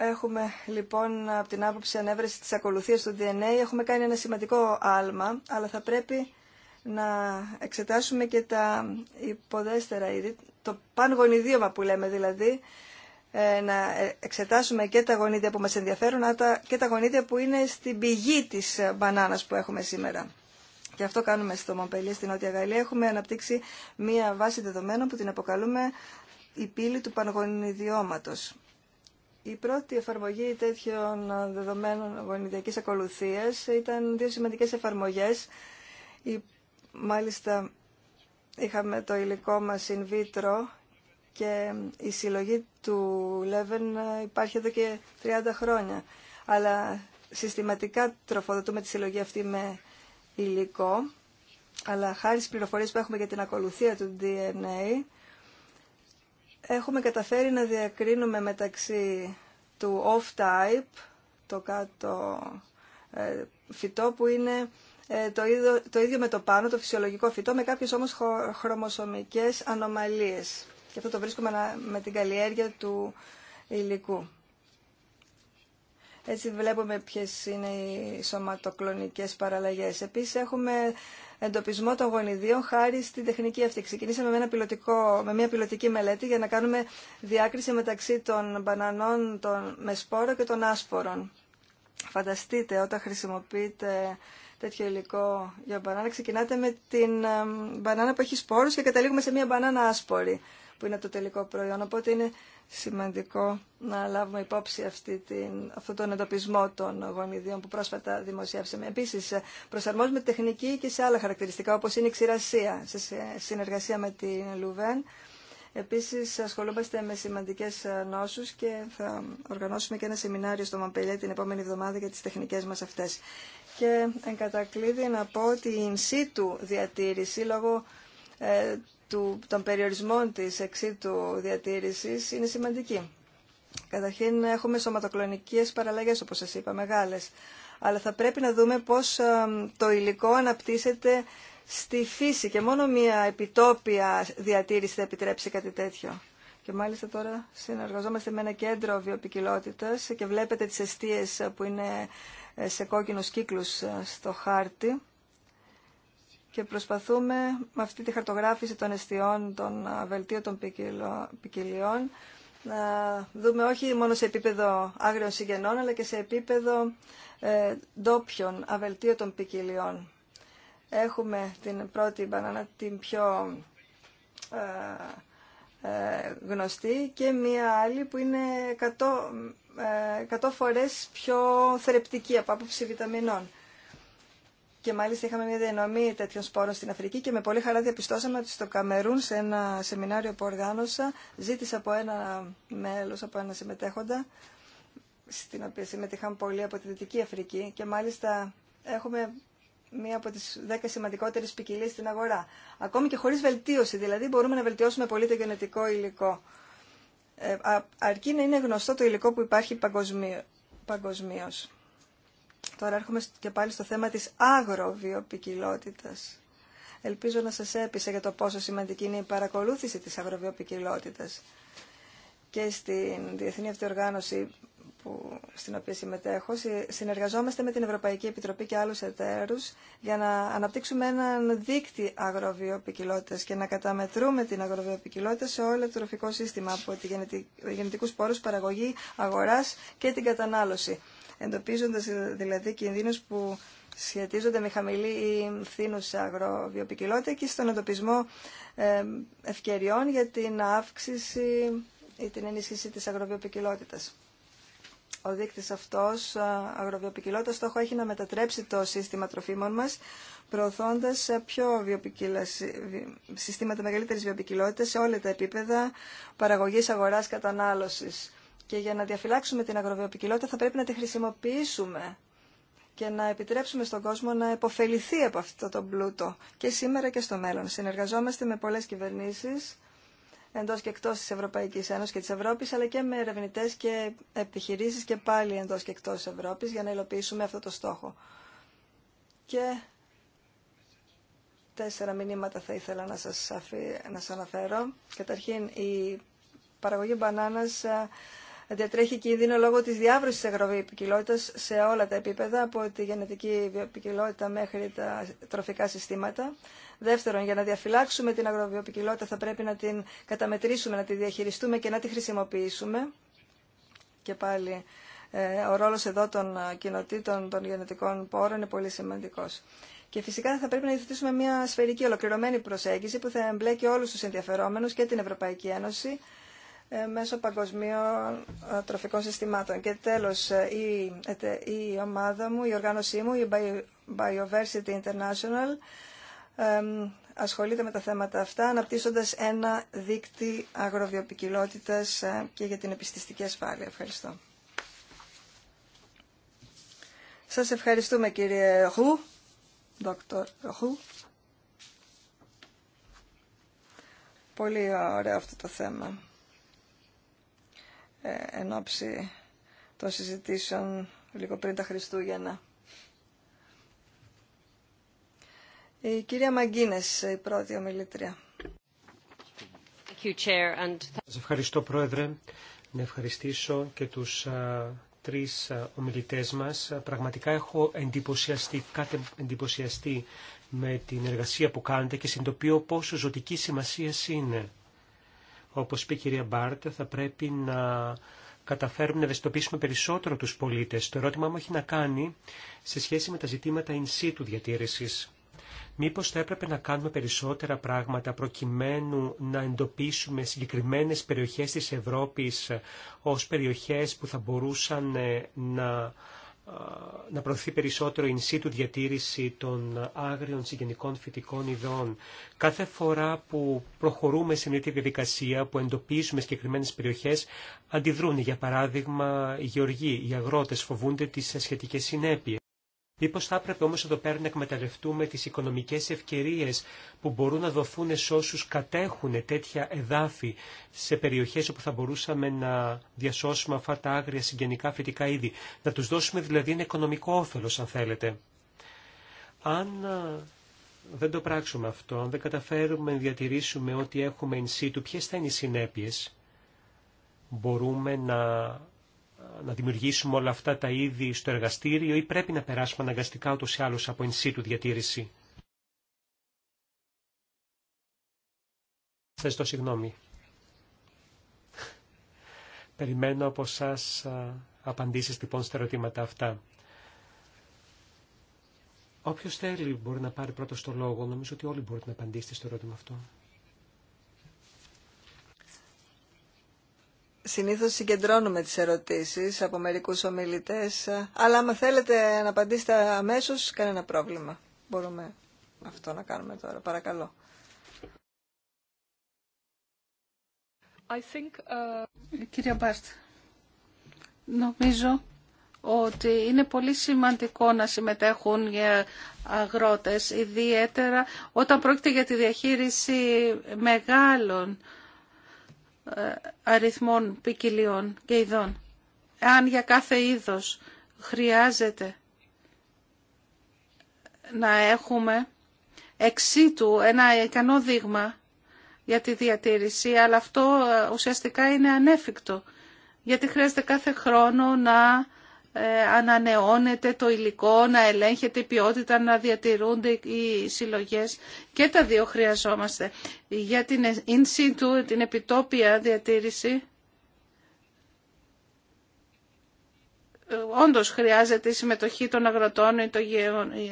Έχουμε λοιπόν από την άποψη ανέβρεση της ακολουθίας του DNA, έχουμε κάνει ένα σημαντικό άλμα, αλλά θα πρέπει να εξετάσουμε και τα υποδέστερα είδη, το πανγονιδίωμα που λέμε δηλαδή, ε, να εξετάσουμε και τα γονίδια που μας ενδιαφέρουν και τα γονίδια που είναι στην πηγή της ε, μπανάνας που έχουμε σήμερα. Και αυτό κάνουμε στο Μομπελί, στην Νότια Γαλλία. Έχουμε αναπτύξει μία βάση δεδομένων που την αποκαλούμε η πύλη του πανγονιδιώματος. Η πρώτη εφαρμογή τέτοιων ε, δεδομένων γονιδιακής ακολουθίας ήταν δύο σημαντικές εφαρμογές. μάλιστα είχαμε το υλικό μας in vitro και η συλλογή του Λέβεν ε, υπάρχει εδώ και 30 χρόνια. Αλλά συστηματικά τροφοδοτούμε τη συλλογή αυτή με υλικό, αλλά χάρη στις πληροφορίες που έχουμε για την ακολουθία του DNA, έχουμε καταφέρει να διακρίνουμε μεταξύ του off-type, το κάτω ε, φυτό που είναι ε, το ίδιο, το ίδιο με το πάνω, το φυσιολογικό φυτό, με κάποιες όμως χρωμοσωμικές ανομαλίες. Και αυτό το βρίσκουμε με την καλλιέργεια του υλικού. Έτσι βλέπουμε ποιες είναι οι σωματοκλονικές παραλλαγές. Επίσης έχουμε εντοπισμό των γονιδίων χάρη στην τεχνική αυτή. Ξεκινήσαμε με, ένα με μια πιλωτική μελέτη για να κάνουμε διάκριση μεταξύ των μπανανών των, με σπόρο και των άσπορων. Φανταστείτε όταν χρησιμοποιείτε τέτοιο υλικό για μπανάνα, ξεκινάτε με την μπανάνα που έχει σπόρους και καταλήγουμε σε μια μπανάνα άσπορη που είναι το τελικό προϊόν. Οπότε είναι σημαντικό να λάβουμε υπόψη αυτή την, αυτόν τον εντοπισμό των γονιδίων που πρόσφατα δημοσιεύσαμε. Επίσης, προσαρμόζουμε τεχνική και σε άλλα χαρακτηριστικά, όπως είναι η ξηρασία, σε συνεργασία με την Λουβέν. Επίσης, ασχολούμαστε με σημαντικές νόσους και θα οργανώσουμε και ένα σεμινάριο στο Μαμπελιέ την επόμενη εβδομάδα για τι τεχνικέ μα αυτέ. Και εν να πω ότι η in situ διατήρηση λόγω ε, του, των περιορισμών της εξήτου διατήρησης είναι σημαντική. Καταρχήν έχουμε σωματοκλονικές παραλλαγές, όπως σας είπα, μεγάλες. Αλλά θα πρέπει να δούμε πώς ε, το υλικό αναπτύσσεται στη φύση και μόνο μια επιτόπια διατήρηση θα επιτρέψει κάτι τέτοιο. Και μάλιστα τώρα συνεργαζόμαστε με ένα κέντρο βιοπικιλότητας και βλέπετε τις αιστείες που είναι ε, σε κόκκινους κύκλους ε, στο χάρτη και προσπαθούμε με αυτή τη χαρτογράφηση των αισθειών, των βελτίωτων ποικιλιών, να δούμε όχι μόνο σε επίπεδο άγριων συγγενών, αλλά και σε επίπεδο ε, ντόπιων, αβελτίωτων ποικιλιών. Έχουμε την πρώτη μπανάνα, την πιο ε, ε, γνωστή και μία άλλη που είναι 100, 100 ε, φορές πιο θρεπτική από άποψη βιταμινών και μάλιστα είχαμε μια διανομή τέτοιων σπόρων στην Αφρική και με πολύ χαρά διαπιστώσαμε ότι στο Καμερούν σε ένα σεμινάριο που οργάνωσα ζήτησα από ένα μέλος, από ένα συμμετέχοντα στην οποία συμμετείχαν πολύ από τη Δυτική Αφρική και μάλιστα έχουμε μία από τις δέκα σημαντικότερες ποικιλίε στην αγορά. Ακόμη και χωρίς βελτίωση, δηλαδή μπορούμε να βελτιώσουμε πολύ το γενετικό υλικό. Ε, αρκεί να είναι γνωστό το υλικό που υπάρχει παγκοσμίω. Τώρα έρχομαι και πάλι στο θέμα της αγροβιοπικιλότητας. Ελπίζω να σας έπεισε για το πόσο σημαντική είναι η παρακολούθηση της αγροβιοπικιλότητας και στην Διεθνή Αυτή Οργάνωση που, στην οποία συμμετέχω, συνεργαζόμαστε με την Ευρωπαϊκή Επιτροπή και άλλους εταίρους για να αναπτύξουμε έναν δίκτυ αγροβιοπικιλότητας και να καταμετρούμε την αγροβιοπικιλότητα σε όλο το τροφικό σύστημα από τη γενετικούς πόρους παραγωγή, αγοράς και την κατανάλωση εντοπίζοντας ε, δηλαδή κινδύνους που σχετίζονται με χαμηλή ή φθήνουσα αγροβιοπικιλότητα και στον εντοπισμό ε, ευκαιριών για την αύξηση ή την ενίσχυση της αγροβιοπικιλότητας. Ο δείκτης αυτός ε, αγροβιοπικιλότητας στόχο έχει να μετατρέψει το σύστημα τροφίμων μας προωθώντας πιο συστήματα μεγαλύτερης βιοπικιλότητας σε όλα τα επίπεδα παραγωγής, αγοράς, κατανάλωσης και για να διαφυλάξουμε την αγροβιοπικιλότητα θα πρέπει να τη χρησιμοποιήσουμε και να επιτρέψουμε στον κόσμο να επωφεληθεί από αυτό το πλούτο και σήμερα και στο μέλλον. Συνεργαζόμαστε με πολλές κυβερνήσεις εντός και εκτός της Ευρωπαϊκής Ένωσης και της Ευρώπης, αλλά και με ερευνητέ και επιχειρήσεις και πάλι εντός και εκτός της Ευρώπης για να υλοποιήσουμε αυτό το στόχο. Και τέσσερα μηνύματα θα ήθελα να σας, αναφέρω. Καταρχήν, η παραγωγή μπανάνας διατρέχει κίνδυνο λόγω της διάβρωσης της αγροβιοπικιλότητας σε όλα τα επίπεδα, από τη γενετική βιοπικιλότητα μέχρι τα τροφικά συστήματα. Δεύτερον, για να διαφυλάξουμε την αγροβιοπικιλότητα θα πρέπει να την καταμετρήσουμε, να τη διαχειριστούμε και να τη χρησιμοποιήσουμε. Και πάλι ε, ο ρόλος εδώ των κοινοτήτων των γενετικών πόρων είναι πολύ σημαντικός. Και φυσικά θα πρέπει να υιοθετήσουμε μια σφαιρική ολοκληρωμένη προσέγγιση που θα εμπλέκει όλους τους ενδιαφερόμενους και την Ευρωπαϊκή Ένωση ε, μέσω παγκοσμίων ε, τροφικών συστημάτων. Και τέλος, ε, η, η ομάδα μου, η οργάνωσή μου, η Bioversity International, ασχολείται με τα θέματα αυτά, αναπτύσσοντας ένα δίκτυο αγροβιοπικιλότητας και για την επιστηστική ασφάλεια. Ευχαριστώ. Σας ευχαριστούμε κύριε Ρου, Dr. Ρου. Πολύ ωραίο αυτό το θέμα. Ε, εν ώψη των συζητήσεων λίγο πριν τα Χριστούγεννα. Η κυρία Μαγκίνες, η πρώτη ομιλήτρια. Σας ευχαριστώ Πρόεδρε. Να ευχαριστήσω και τους α, τρεις α, ομιλητές μας. Πραγματικά έχω εντυπωσιαστεί, κάτι εντυπωσιαστεί με την εργασία που κάνετε και συνειδητοποιώ πόσο ζωτική σημασία είναι. Όπως είπε η κυρία Μπάρτ, θα πρέπει να καταφέρουμε να ευαισθητοποιήσουμε περισσότερο τους πολίτες. Το ερώτημά μου έχει να κάνει σε σχέση με τα ζητήματα in situ διατήρησης. Μήπως θα έπρεπε να κάνουμε περισσότερα πράγματα προκειμένου να εντοπίσουμε συγκεκριμένες περιοχές της Ευρώπης ως περιοχές που θα μπορούσαν ε, να να προωθεί περισσότερο in situ διατήρηση των άγριων συγγενικών φυτικών ειδών. Κάθε φορά που προχωρούμε σε μια διαδικασία που εντοπίζουμε συγκεκριμένε περιοχές, αντιδρούν, για παράδειγμα, οι γεωργοί, οι αγρότες φοβούνται τις σχετικέ συνέπειε. Μήπως θα έπρεπε όμως εδώ πέρα να εκμεταλλευτούμε τις οικονομικές ευκαιρίες που μπορούν να δοθούν σε όσους κατέχουν τέτοια εδάφη σε περιοχές όπου θα μπορούσαμε να διασώσουμε αυτά τα άγρια συγγενικά φυτικά είδη. Να τους δώσουμε δηλαδή ένα οικονομικό όφελος αν θέλετε. Αν δεν το πράξουμε αυτό, αν δεν καταφέρουμε να διατηρήσουμε ό,τι έχουμε εν situ, ποιες θα είναι οι συνέπειες. Μπορούμε να να δημιουργήσουμε όλα αυτά τα είδη στο εργαστήριο ή πρέπει να περάσουμε αναγκαστικά ούτως ή άλλως από ενσύτου του διατήρηση. Σας το συγγνώμη. Περιμένω από εσά απαντήσεις λοιπόν στα ερωτήματα αυτά. Όποιος θέλει μπορεί να πάρει πρώτος το λόγο. Νομίζω ότι όλοι μπορείτε να απαντήσετε στο ερώτημα αυτό. συνήθως συγκεντρώνουμε τις ερωτήσεις από μερικούς ομιλητές, αλλά αν θέλετε να απαντήσετε αμέσως, κανένα πρόβλημα. Μπορούμε αυτό να κάνουμε τώρα. Παρακαλώ. I think, uh... Κύριε Μπάρτ, νομίζω ότι είναι πολύ σημαντικό να συμμετέχουν οι αγρότες, ιδιαίτερα όταν πρόκειται για τη διαχείριση μεγάλων ε, αριθμών ποικιλιών και ειδών. Αν για κάθε είδος χρειάζεται να έχουμε εξίτου ένα ικανό δείγμα για τη διατήρηση, αλλά αυτό ε, ουσιαστικά είναι ανέφικτο, γιατί χρειάζεται κάθε χρόνο να ε, ανανεώνεται το υλικό, να ελέγχεται η ποιότητα, να διατηρούνται οι συλλογές και τα δύο χρειαζόμαστε. Για την in situ, την επιτόπια διατήρηση, ε, όντως χρειάζεται η συμμετοχή των αγροτών ή των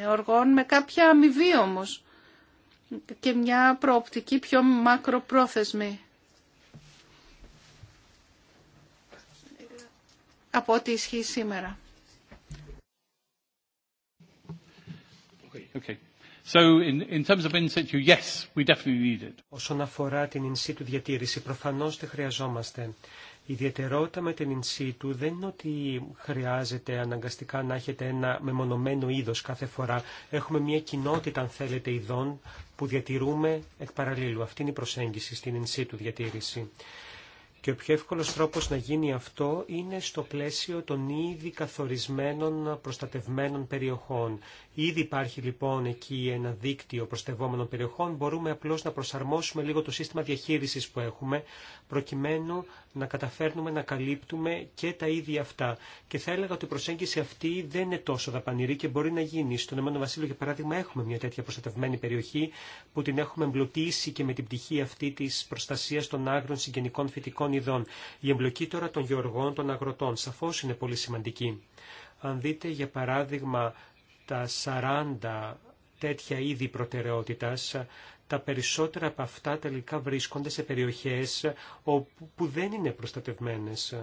γεωργών με κάποια αμοιβή όμως και μια προοπτική πιο μακροπρόθεσμη. από ό,τι ισχύει σήμερα. Όσον αφορά την in situ διατήρηση, προφανώς τη χρειαζόμαστε. Η ιδιαιτερότητα με την in situ δεν είναι ότι χρειάζεται αναγκαστικά να έχετε ένα μεμονωμένο είδος κάθε φορά. Έχουμε μια κοινότητα, αν θέλετε, ειδών που διατηρούμε εκ παραλλήλου. Αυτή είναι η προσέγγιση στην in situ διατήρηση. Και ο πιο εύκολος τρόπος να γίνει αυτό είναι στο πλαίσιο των ήδη καθορισμένων προστατευμένων περιοχών. Ήδη υπάρχει λοιπόν εκεί ένα δίκτυο προστευόμενων περιοχών. Μπορούμε απλώς να προσαρμόσουμε λίγο το σύστημα διαχείρισης που έχουμε, προκειμένου να καταφέρνουμε να καλύπτουμε και τα ίδια αυτά. Και θα έλεγα ότι η προσέγγιση αυτή δεν είναι τόσο δαπανηρή και μπορεί να γίνει. Στον Εμένο Βασίλειο, για παράδειγμα, έχουμε μια τέτοια προστατευμένη περιοχή που την έχουμε εμπλουτίσει και με την πτυχή αυτή τη προστασία των άγρων συγγενικών φυτικών ειδών. Η εμπλοκή τώρα των γεωργών των αγροτών σαφώ είναι πολύ σημαντική. Αν δείτε για παράδειγμα τα 40 τέτοια είδη προτεραιότητας, τα περισσότερα από αυτά τελικά βρίσκονται σε περιοχές όπου δεν είναι προστατευμένες.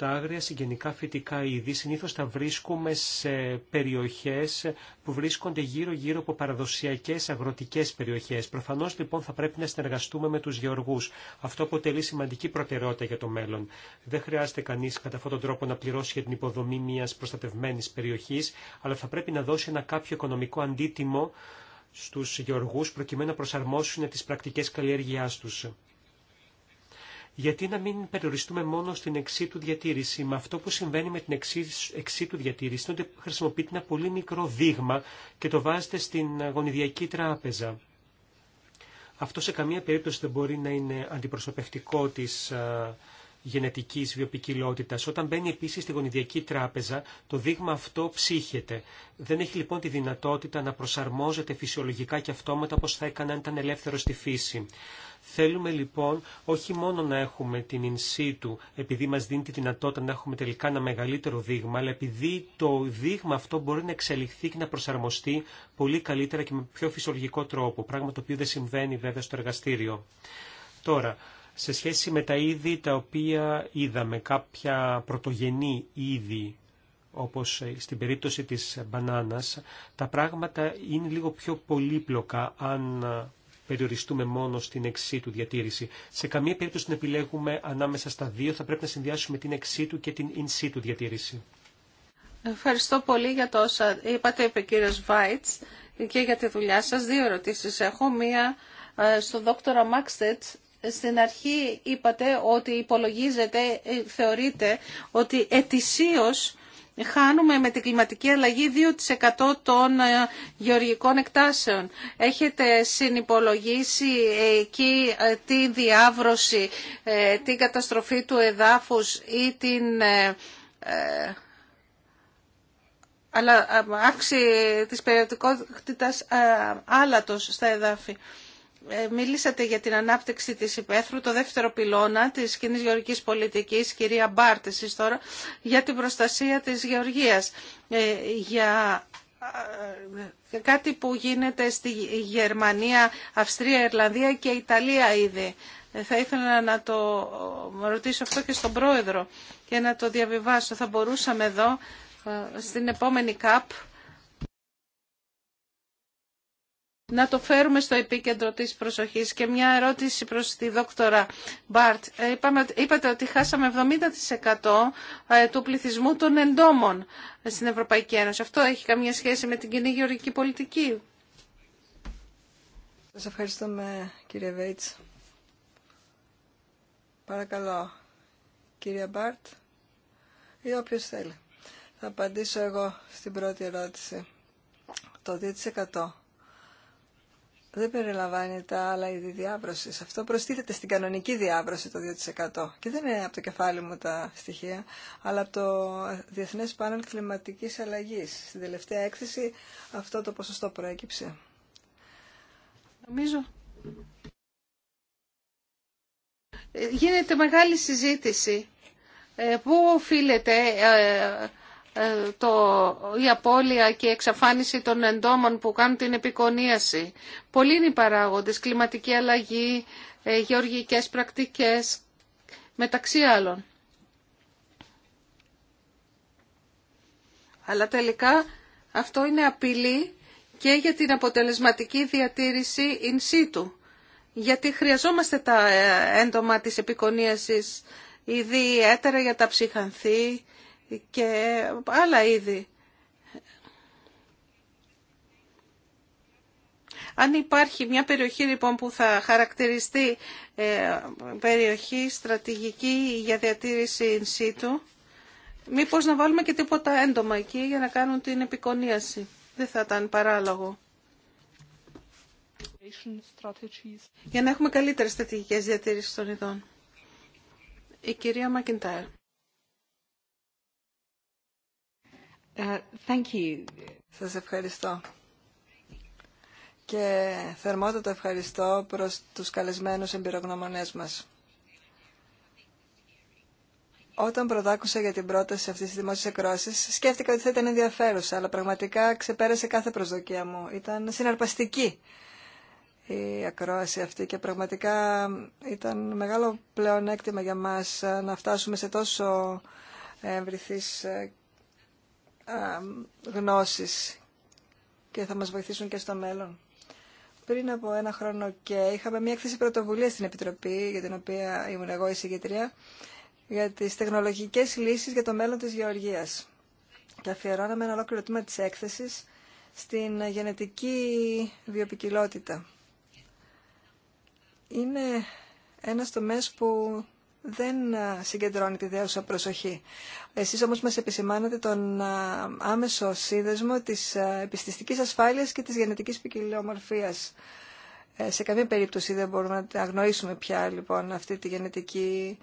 Τα άγρια συγγενικά φυτικά είδη συνήθως τα βρίσκουμε σε περιοχές που βρίσκονται γύρω-γύρω από παραδοσιακές αγροτικές περιοχές. Προφανώς λοιπόν θα πρέπει να συνεργαστούμε με τους γεωργούς. Αυτό αποτελεί σημαντική προτεραιότητα για το μέλλον. Δεν χρειάζεται κανείς κατά αυτόν τον τρόπο να πληρώσει για την υποδομή μιας προστατευμένης περιοχής, αλλά θα πρέπει να δώσει ένα κάποιο οικονομικό αντίτιμο στους γεωργούς προκειμένου να προσαρμόσουν τις πρακτικές καλλιέργειάς τους γιατί να μην περιοριστούμε μόνο στην εξή του διατήρηση. Με αυτό που συμβαίνει με την εξή του διατήρηση είναι ότι χρησιμοποιείται ένα πολύ μικρό δείγμα και το βάζετε στην γονιδιακή τράπεζα. Αυτό σε καμία περίπτωση δεν μπορεί να είναι αντιπροσωπευτικό της γενετική βιοπικιλότητα. Όταν μπαίνει επίση στη γονιδιακή τράπεζα, το δείγμα αυτό ψύχεται. Δεν έχει λοιπόν τη δυνατότητα να προσαρμόζεται φυσιολογικά και αυτόματα όπω θα έκανε αν ήταν ελεύθερο στη φύση. Θέλουμε λοιπόν όχι μόνο να έχουμε την in situ, επειδή μα δίνει τη δυνατότητα να έχουμε τελικά ένα μεγαλύτερο δείγμα, αλλά επειδή το δείγμα αυτό μπορεί να εξελιχθεί και να προσαρμοστεί πολύ καλύτερα και με πιο φυσιολογικό τρόπο, πράγμα το οποίο δεν συμβαίνει βέβαια στο εργαστήριο. Τώρα, σε σχέση με τα είδη τα οποία είδαμε, κάποια πρωτογενή είδη, όπως ε, στην περίπτωση της μπανάνας, τα πράγματα είναι λίγο πιο πολύπλοκα αν ε, περιοριστούμε μόνο στην εξή του διατήρηση. Σε καμία περίπτωση να επιλέγουμε ανάμεσα στα δύο, θα πρέπει να συνδυάσουμε την εξή του και την in situ διατήρηση. Ευχαριστώ πολύ για το όσα είπατε, είπε κύριος Βάιτς, και για τη δουλειά σας. Δύο ερωτήσεις έχω. Μία ε, στον δόκτωρα Μάξτετ στην αρχή είπατε ότι υπολογίζεται, ε, θεωρείτε ότι ετησίως χάνουμε με την κλιματική αλλαγή 2% των ε, γεωργικών εκτάσεων. Έχετε συνυπολογίσει εκεί ε, τη διάβρωση, την καταστροφή του εδάφους ή την αλλά αύξηση της περιοδικότητας άλατος στα εδάφη. Ε, Μίλησατε για την ανάπτυξη της υπαίθρου, το δεύτερο πυλώνα της κοινή γεωργικής πολιτικής, κυρία Μπάρτ, εσείς τώρα, για την προστασία της γεωργίας, ε, για ε, κάτι που γίνεται στη Γερμανία, Αυστρία, Ιρλανδία και Ιταλία ήδη. Θα ήθελα να το ρωτήσω αυτό και στον πρόεδρο και να το διαβιβάσω. Θα μπορούσαμε εδώ στην επόμενη ΚΑΠ να το φέρουμε στο επίκεντρο της προσοχής. Και μια ερώτηση προς τη δόκτωρα Μπάρτ. Ε, είπατε ότι χάσαμε 70% ε, του πληθυσμού των εντόμων στην Ευρωπαϊκή Ένωση. Αυτό έχει καμία σχέση με την κοινή γεωργική πολιτική. Σας ευχαριστούμε κύριε Βέιτς. Παρακαλώ κύριε Μπάρτ ή όποιος θέλει. Θα απαντήσω εγώ στην πρώτη ερώτηση. Το 2% δεν περιλαμβάνεται άλλα είδη διάβρωσης. Αυτό προστίθεται στην κανονική διάβρωση το 2% και δεν είναι από το κεφάλι μου τα στοιχεία, αλλά από το Διεθνές Πάνελ Κλιματικής Αλλαγής. Στην τελευταία έκθεση αυτό το ποσοστό προέκυψε. Νομίζω. Ε, γίνεται μεγάλη συζήτηση. Ε, πού οφείλεται ε, ε, το, η απώλεια και η εξαφάνιση των εντόμων που κάνουν την επικονίαση. Πολλοί είναι οι παράγοντες, κλιματική αλλαγή, ε, γεωργικές πρακτικές, μεταξύ άλλων. Αλλά τελικά αυτό είναι απειλή και για την αποτελεσματική διατήρηση in situ. Γιατί χρειαζόμαστε τα ε, έντομα της επικονίασης, ιδιαίτερα για τα ψυχανθή, και άλλα είδη. Αν υπάρχει μια περιοχή λοιπόν που θα χαρακτηριστεί ε, περιοχή στρατηγική για διατήρηση in situ, μήπως να βάλουμε και τίποτα έντομα εκεί για να κάνουν την επικονίαση. Δεν θα ήταν παράλογο. Για να έχουμε καλύτερες στρατηγικές διατήρησης των ειδών. Η κυρία Μακιντάρ. Ε, Σας ευχαριστώ. Και θερμότατα ευχαριστώ προς τους καλεσμένους εμπειρογνωμονές μας. Όταν προδάκουσα για την πρόταση αυτή τη δημόσια εκρόση, σκέφτηκα ότι θα ήταν ενδιαφέρουσα, αλλά πραγματικά ξεπέρασε κάθε προσδοκία μου. Ήταν συναρπαστική η ακρόαση αυτή και πραγματικά ήταν μεγάλο πλεονέκτημα για μας να φτάσουμε σε τόσο ευρυθείς γνώσεις και θα μας βοηθήσουν και στο μέλλον. Πριν από ένα χρόνο και είχαμε μια έκθεση πρωτοβουλία στην Επιτροπή, για την οποία ήμουν εγώ εισηγήτρια, για τις τεχνολογικές λύσεις για το μέλλον της γεωργίας. Και αφιερώναμε ένα ολόκληρο τμήμα της έκθεσης στην γενετική βιοπικιλότητα. Είναι ένας τομέας που δεν συγκεντρώνει τη δέουσα προσοχή. Εσείς όμως μας επισημάνατε τον άμεσο σύνδεσμο της επιστηστικής ασφάλειας και της γενετικής ποικιλομορφία. Ε, σε καμία περίπτωση δεν μπορούμε να αγνοήσουμε πια λοιπόν αυτή τη γενετική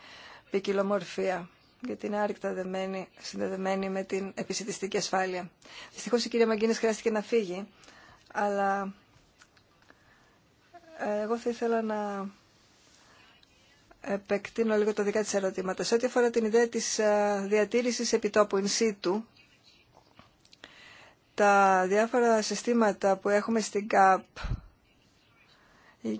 ποικιλομορφία γιατί είναι άρρηκτα δεμένη, συνδεδεμένη με την επιστηστική ασφάλεια. Δυστυχώς η κυρία Μαγκίνης χρειάστηκε να φύγει, αλλά ε, εγώ θα ήθελα να επεκτείνω λίγο τα δικά της ερωτήματα. Σε ό,τι αφορά την ιδέα της ε, διατήρησης επιτόπου in situ, τα διάφορα συστήματα που έχουμε στην ΚΑΠ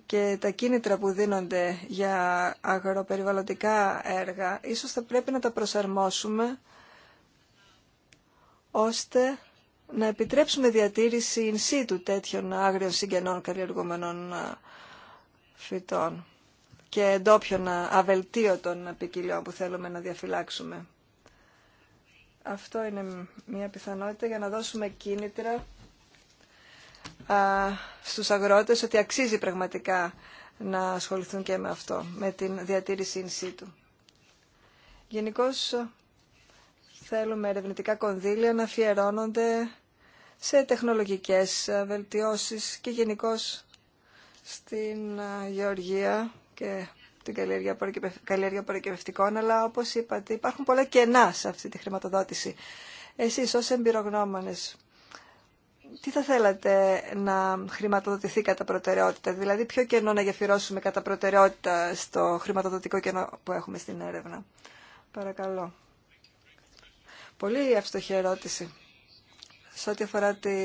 και τα κίνητρα που δίνονται για αγροπεριβαλλοντικά έργα, ίσως θα πρέπει να τα προσαρμόσουμε ώστε να επιτρέψουμε διατήρηση in situ τέτοιων άγριων συγγενών καλλιεργούμενων ε, φυτών και ντόπιων αβελτίωτων ποικιλιών που θέλουμε να διαφυλάξουμε. Αυτό είναι μια πιθανότητα για να δώσουμε κίνητρα στους αγρότες ότι αξίζει πραγματικά να ασχοληθούν και με αυτό, με την διατήρηση in situ. Γενικώ θέλουμε ερευνητικά κονδύλια να αφιερώνονται σε τεχνολογικές βελτιώσεις και γενικώ στην γεωργία και την καλλιέργεια παρακευευτικών, αλλά όπως είπατε υπάρχουν πολλά κενά σε αυτή τη χρηματοδότηση. Εσείς ως εμπειρογνώμονες, τι θα θέλατε να χρηματοδοτηθεί κατά προτεραιότητα, δηλαδή ποιο κενό να γεφυρώσουμε κατά προτεραιότητα στο χρηματοδοτικό κενό που έχουμε στην έρευνα. Παρακαλώ. Πολύ εύστοχη ερώτηση. Σε ό,τι αφορά τη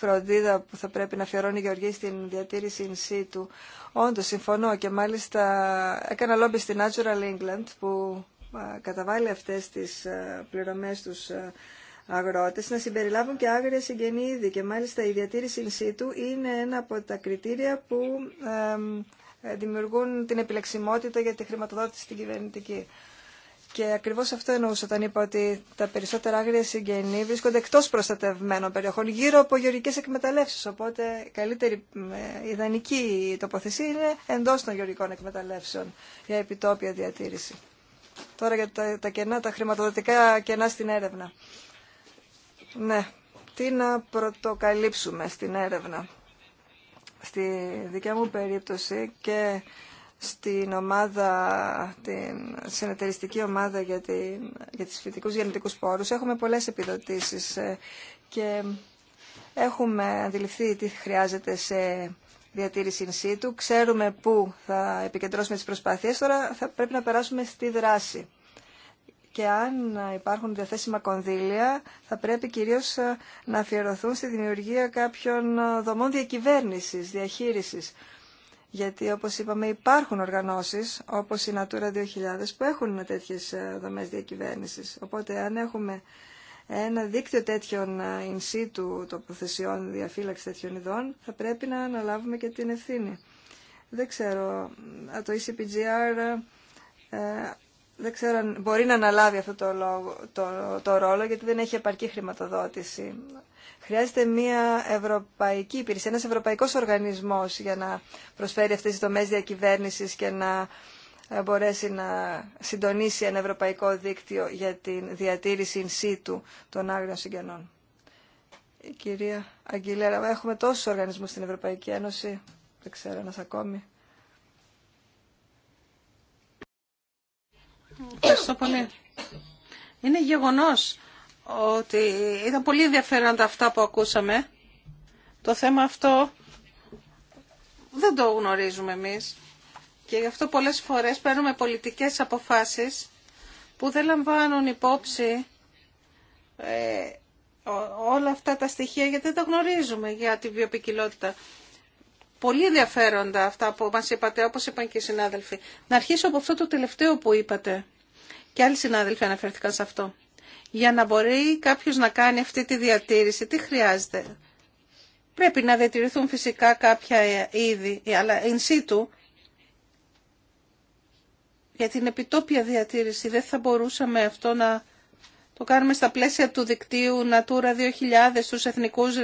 φροντίδα που θα πρέπει να αφιερώνει η Γεωργία στην διατήρηση in situ. Όντως, συμφωνώ και μάλιστα έκανα λόμπι στη Natural England που καταβάλει αυτές τις πληρωμές τους αγρότες να συμπεριλάβουν και άγρια συγγενή και μάλιστα η διατήρηση in situ είναι ένα από τα κριτήρια που δημιουργούν την επιλεξιμότητα για τη χρηματοδότηση στην κυβερνητική. Και ακριβώς αυτό εννοούσα όταν είπα ότι τα περισσότερα άγρια συγγενή βρίσκονται εκτός προστατευμένων περιοχών, γύρω από γεωργικές εκμεταλλεύσεις. Οπότε η καλύτερη ε, ιδανική τοποθεσία είναι εντός των γεωργικών εκμεταλλεύσεων για επιτόπια διατήρηση. Τώρα για τα, τα κενά, τα χρηματοδοτικά κενά στην έρευνα. Ναι, τι να πρωτοκαλύψουμε στην έρευνα. Στη δικιά μου περίπτωση και στην ομάδα, την συνεταιριστική ομάδα για, την, για τις φυτικούς γενετικούς πόρους. Έχουμε πολλές επιδοτήσεις ε, και έχουμε αντιληφθεί τι χρειάζεται σε διατήρηση in Ξέρουμε πού θα επικεντρώσουμε τις προσπάθειες. Τώρα θα πρέπει να περάσουμε στη δράση. Και αν υπάρχουν διαθέσιμα κονδύλια, θα πρέπει κυρίως ε, να αφιερωθούν στη δημιουργία κάποιων ε, δομών διακυβέρνησης, διαχείρισης, γιατί όπως είπαμε υπάρχουν οργανώσεις όπως η Natura 2000 που έχουν τέτοιες ε, δομές διακυβέρνησης. Οπότε αν έχουμε ένα δίκτυο τέτοιων ε, in situ τοποθεσιών διαφύλαξη τέτοιων ειδών θα πρέπει να αναλάβουμε και την ευθύνη. Δεν ξέρω, το ECPGR ε, δεν ξέρω αν μπορεί να αναλάβει αυτό το, το, το ρόλο γιατί δεν έχει επαρκή χρηματοδότηση. Χρειάζεται μια ευρωπαϊκή υπηρεσία, ένας ευρωπαϊκός οργανισμός για να προσφέρει αυτές τις δομές διακυβέρνησης και να ε, μπορέσει να συντονίσει ένα ευρωπαϊκό δίκτυο για τη διατήρηση in situ των άγριων συγγενών. Η κυρία Αγγιλέρα, έχουμε τόσους οργανισμούς στην Ευρωπαϊκή Ένωση, δεν ξέρω ένας ακόμη. Ευχαριστώ πολύ. Είναι γεγονός ότι ήταν πολύ ενδιαφέροντα αυτά που ακούσαμε. Το θέμα αυτό δεν το γνωρίζουμε εμείς και γι' αυτό πολλές φορές παίρνουμε πολιτικές αποφάσεις που δεν λαμβάνουν υπόψη ε, όλα αυτά τα στοιχεία γιατί δεν τα γνωρίζουμε για τη βιοπικιλότητα. Πολύ ενδιαφέροντα αυτά που μας είπατε, όπως είπαν και οι συνάδελφοι. Να αρχίσω από αυτό το τελευταίο που είπατε. Και άλλοι συνάδελφοι αναφέρθηκαν σε αυτό. Για να μπορεί κάποιος να κάνει αυτή τη διατήρηση, τι χρειάζεται. Πρέπει να διατηρηθούν φυσικά κάποια ε, είδη, αλλά in situ, για την επιτόπια διατήρηση δεν θα μπορούσαμε αυτό να το κάνουμε στα πλαίσια του δικτύου Natura 2000, στους εθνικούς